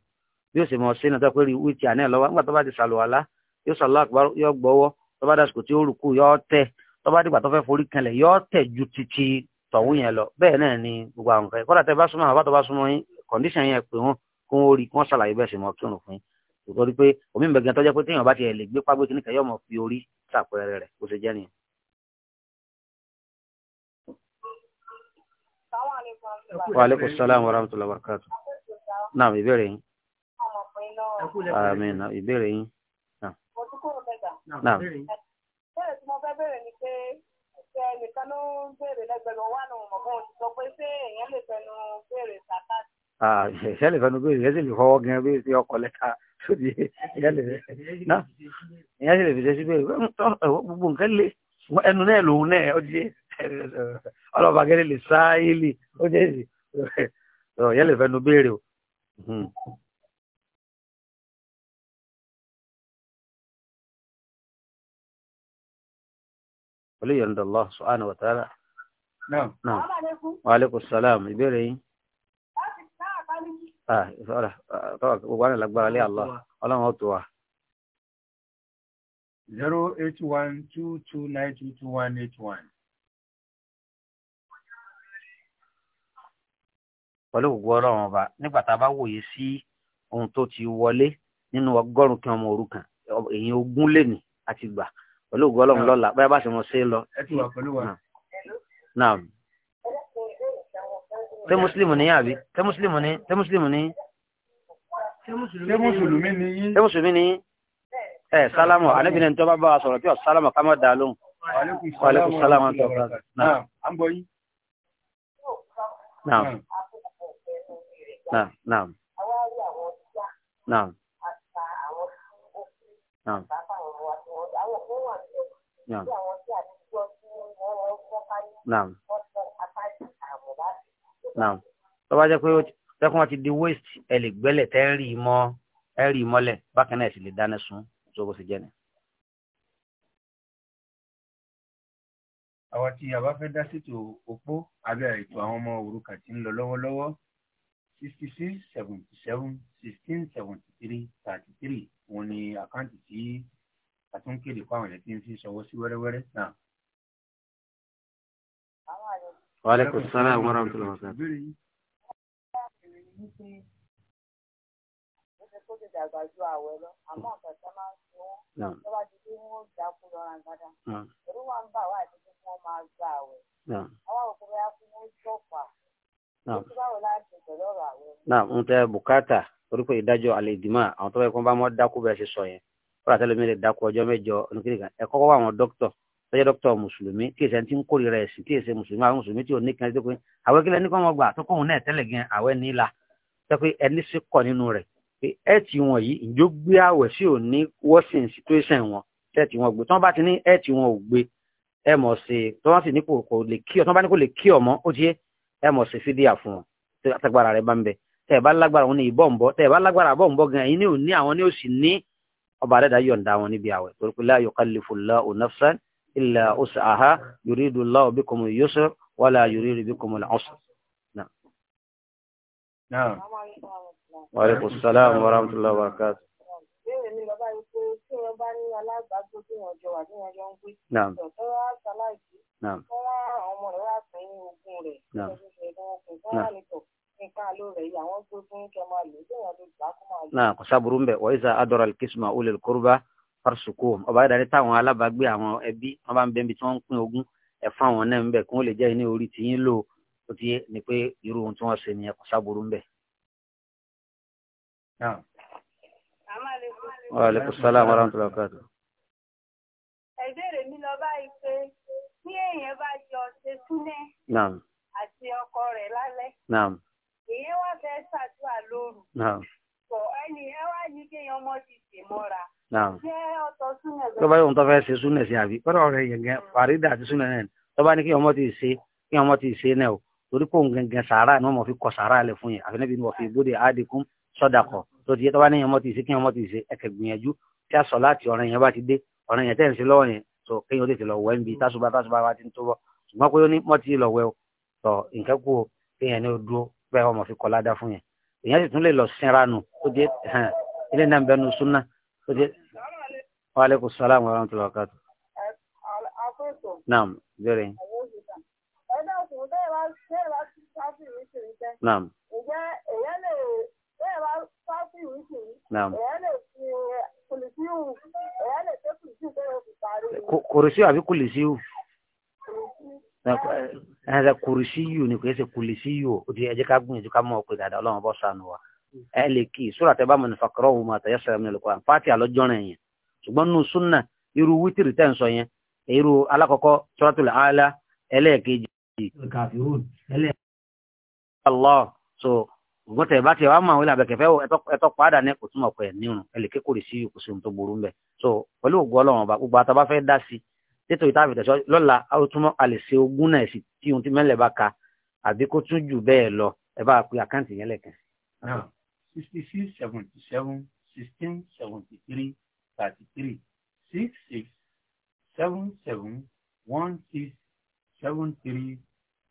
bí ó sì mọ̀ sínú tó pé rí wíìtì àná ẹ̀ lọ́wọ́ nígbà tó bá ti ṣàlùwàlá yóò sọ̀lá yóò gbọ́wọ́ tó bá dàsìkò tí ó rùkú yóò tẹ̀ tó bá dìgbà tó fẹ́ forí kanlẹ̀ yóò tẹ̀ ju títí tọ̀wú yẹn lọ bẹ́ẹ̀ náà ni gbogbo àwọn nǹkan kọ́dà tẹ́ bá súnmọ́ àwọn bá tọ́ bá súnmọ́ yín kọ̀ǹdíṣàn yẹn pé wọ́n kó wọ́n rí kí wọ́n ṣàlàyé bẹ́ẹ̀ ṣe mọ́ kí òun fún yín torí pé omi ń bẹ̀gẹ́ tọ́jọ́ pé téèyàn bá tiẹ̀ lè gbé págbé kí nìkan yóò mọ̀ fi orí ṣàpẹẹrẹ rẹ̀ bó ṣe jẹ́ nìyẹn.
wa aleykum salaam wa rahmatulah barakatu. naam ìbéèrè yín. àmín
ìbéèrè yín. naam.
bẹ́ẹ̀ tí mo fẹ́ bẹ̀rẹ̀ ni pé lọ wà lóhùn mọ̀ fún òṣìṣọ pé ṣé èèyàn lè fẹnu béèrè zakat.
ìṣẹ̀ṣẹ̀ lè fẹnu béèrè ìyẹn sì lè fọwọ́ gan bí ṣe ọkọ̀ lẹ́ka sóde ìyẹn lè fi ṣe sí béèrè gbogbo nǹkan lè ẹnu náà lòun náà ó jẹ
ọlọ́ba
gẹ́gẹ́ lè sáyélì ó jẹ́ sí ìyẹn lè fẹnu béèrè o. وليرضى الله سبحانه وتعالى Naam. Naam. Wa alaikum salam. Ìbéèrè yín. Ah, ìfọ́ra. Gbogbo àwọn ìlàgbára lé Allah. Ọlọ́run ó tó wa.
08122922181.
Pẹ̀lú gbogbo ọlọ́run ọba,
nígbà
tá a bá wòye sí ohun tó ti wọlé nínú ọgọ́rùn-ún kan ọmọ òrukàn, èyí ogún lè ní àti gbà. Pẹ̀lú gbogbo ọlọ́run lọ́la, bóyá bá ṣe mọ̀ ṣe é naam tẹ mùsùlùmí ni àbí tẹ mùsùlùmí ni tẹ mùsùlùmí ni tẹ mùsùlùmí ni yín tẹ mùsùlùmí ni yín ẹ sálámù àníbi ní tọ́ba bá wa sọ̀rọ̀ kí ọ sálámù ká má dà lóhùn wàlékún sálámù
àti
naam naam tó bá jẹ́ pé tẹ́kùn wọn ti di waste ẹ lè gbẹ́lẹ̀ tẹ́ rí i mọ́ ẹ rí mọ́lẹ̀ bákan náà sì lè dáná sun tó bó ṣe jẹ́ ni.
àwa tí a bá fẹ́ dá
sètò òpó abẹ́ ètò àwọn ọmọ òrukàn tí ń lọ lọ́wọ́lọ́wọ́ sixty six seventy seven sixteen seventy three thirty three òun ni àkáǹtì tí a tún kéde fáwọn ẹ̀ tí ń fi ṣọwọ́ sí wẹ́rẹ́wẹ́rẹ́ náà.
Wàlẹ́kùn sára àwọ̀rán tó lọ́wọ́ sára.
Ìdàgbà ju àwẹ̀ lọ, àmọ́ àkàtà máa ń fi Àwọn òkú bẹ́ẹ̀ fún bá yẹ
kó bá wọn dákú bẹ́ẹ̀ ṣe sọ yẹn. Fúlàtẹ́lẹ̀ mi lè dákú ọjọ́ mẹ́jọ kan. Ẹ kọ́kọ́ wá àwọn dókítọ̀ tọ́jọ́ dókítà mùsùlùmí tí èsẹ̀ ti ń kórìíra ẹ̀sìn tí èsẹ̀ mùsùlùmí àwọn mùsùlùmí tí ò ní kan ẹ̀dẹ́gbẹ́ àwẹ̀ kílẹ̀ ní kọ́ wọn gbà tọ́kọ̀ òun náà tẹ́lẹ̀ gan àwẹ̀ nílà tẹ́pẹ́ ẹni sí kọ̀ nínú rẹ̀ pé ẹ̀ tí wọn yìí ìjó gbé àwẹ̀ sí ò ní wọ́sìn situation wọn tẹ́ tí wọn gbé tí wọ́n bá ti ní ẹ̀ tí wọn ò gbé ẹ̀ mọ̀ sí tí wọ́n sì ní kò lè kí ọ tí wọ́n bá ní kò lè kí ọ ó ti ẹ̀ mọ̀ sí la yukallifu Allahu nafsan إلا وسعها يريد الله بكم اليسر ولا يريد بكم العسر نعم
نعم وعليكم
السلام ورحمة الله وبركاته نعم نعم نعم نعم نعم نعم
نعم
وإذا نعم نعم أولي القربى farsuko ọba yóò darí táwọn alábàágbé àwọn ẹbí wọn bá ń bẹ́ẹ̀ bí tí wọ́n ń pín ogún ẹ̀ fún àwọn náà ń bẹ̀ kí wọ́n lè jẹ́ ní orí tí yín lò ó ti yé ni pé irú ohun tí wọ́n ṣe nìyẹn kò sábòrò ń bẹ̀.
aleykum salaam wa
rahmatullahi wa barakatuh.
ẹ̀bẹ̀rẹ̀ mi lọ báyìí pé tí èèyàn bá jọ ṣe súnẹ́ àti ọkọ rẹ̀ lálẹ́ èèyàn wá fẹ́ ṣàdúrà lóru pọ̀ ẹni ẹ wá ní kéèyàn mọ́ ti tè mọ́ra. tó bá yóò tó
fẹ́ ṣe súnà sí àbí kọ́dọ̀ rẹ̀ yẹn gẹ́n hmm. fàrídà àti súnà náà tó bá ní kéèyàn mọ́ ti ṣe kéèyàn mọ́ ti ṣe náà o torí pò ń gẹ̀ǹgẹ̀ sàárà ni wọ́n mọ̀ fi kọ sàárà lẹ̀ fún yẹn àfi níbi ni wọ́n fi bóde àádìkún sọ́dàkọ̀ tó ti yẹ tó bá ní yẹn mọ́ ti ṣe kéèyàn mọ́ ti ṣe ẹ̀kẹ́ gbìyànjú tí a sọ láti ọ̀ràn yẹn bá ti dé ọ̀ràn yẹn tẹ̀ ń ṣe lọ́wọ́ yẹn tó kéèyàn ó tètè lọ wẹ́ ń bi tásùbá tásùbá bá ti ń tó bọ́ ṣùgbọ́n pé ó ní mọ́ ti lọ o tọ̀ nǹkan kú o kéèyàn ní o yẹn èèyàn sì tún lè lọ sinra nù ó di ilé náà bẹnu súnà ó di wa aleykum salaam wa rahmatulah wa kaatu. naam béèrè. ẹ̀dá
òkùnkùn bẹ́ẹ̀ bá bẹ́ẹ̀ bá sáfì mi sì ń jẹ́. naam. ǹjẹ́ èèyàn naam. èèyàn lè fi kùlìsíù ẹnlẹ
kùrìsíyù ni kìí ṣe kùrìsíyù òdi ẹjẹ ká gbìyànjú ká mọ ọpẹ dáadáa Ọlọ́run bọ sànù wa ẹ lè kí sórí àtẹbá mọ nìfàkọrọ òun àtẹyẹ sọ̀rọ̀ mi lọkọ àǹfààtì àlọjọrin yẹn ṣùgbọ́n nínú súnà irú wítìrì tẹ ń sọ yẹn irú alákọ̀ọ́kọ́ suratul àlá ẹlẹ́ẹ̀kejì. Allah so gbọ́n tẹ̀ bá tiẹ̀ wá mọ̀ àwọn ìlànà kẹfẹ́ ẹ̀tọ́ padà ní kò túnmọ̀ pẹ̀ nírun ẹ lè ké kùrìsíyù kò sí ohun tó burú ń bẹ̀ so pẹ̀lú ògbọ́ Ọlọ́run ọba gbogbo àtàbá fẹ́ dá tètò ìtàfi tẹ̀sọ́ lọ́la ó túnmọ́ a lè ṣe ogún náà sí tí ohun tí mẹ́lẹ̀ bá ka àbí kó tún jù bẹ́ẹ̀ lọ ẹ bá pe àkáǹtì yẹn lẹ́ẹ̀kan.
sixty six seventy seven sixteen seventy three thirty three six six seven seven one six seven three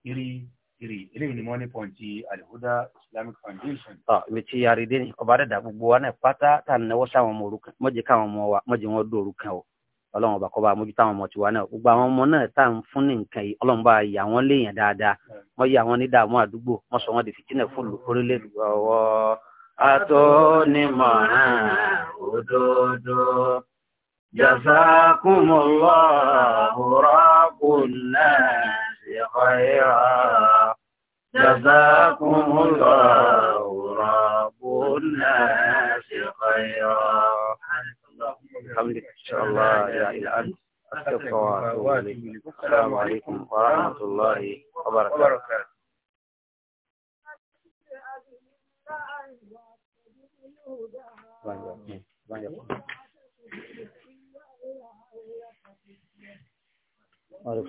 three three eléyìí ni wọ́n ní pọ́ǹtì alihuda islamic foundation.
ibi tí yàrá ìdí ni ọba dàda gbogbo wa náà pátá tá a náwó sáwọn ọmọ òrukàn mọ̀jẹ̀ káwọn ọmọ wa mọ̀jẹ̀ wọn dó òrukàn o ọlọ́run ọba kọ́ bá mójútó àwọn ọmọ tiwa náà gbogbo àwọn ọmọ náà tá à ń fún ní nǹkan yìí ọlọ́run bá yà wọ́n léèyàn dáadáa wọ́n yà wọ́n ní dààmú àdúgbò wọ́n sọ wọ́n di fìtínà fún orílẹ̀
ọwọ́.
atọ́nimọ̀ràn òdodo jazakumullahu rabbun nasi khaira jazakumullahu rabbun nasi khaira. بحمدك إن شاء الله لا إله السلام عليكم ورحمة الله
وبركاته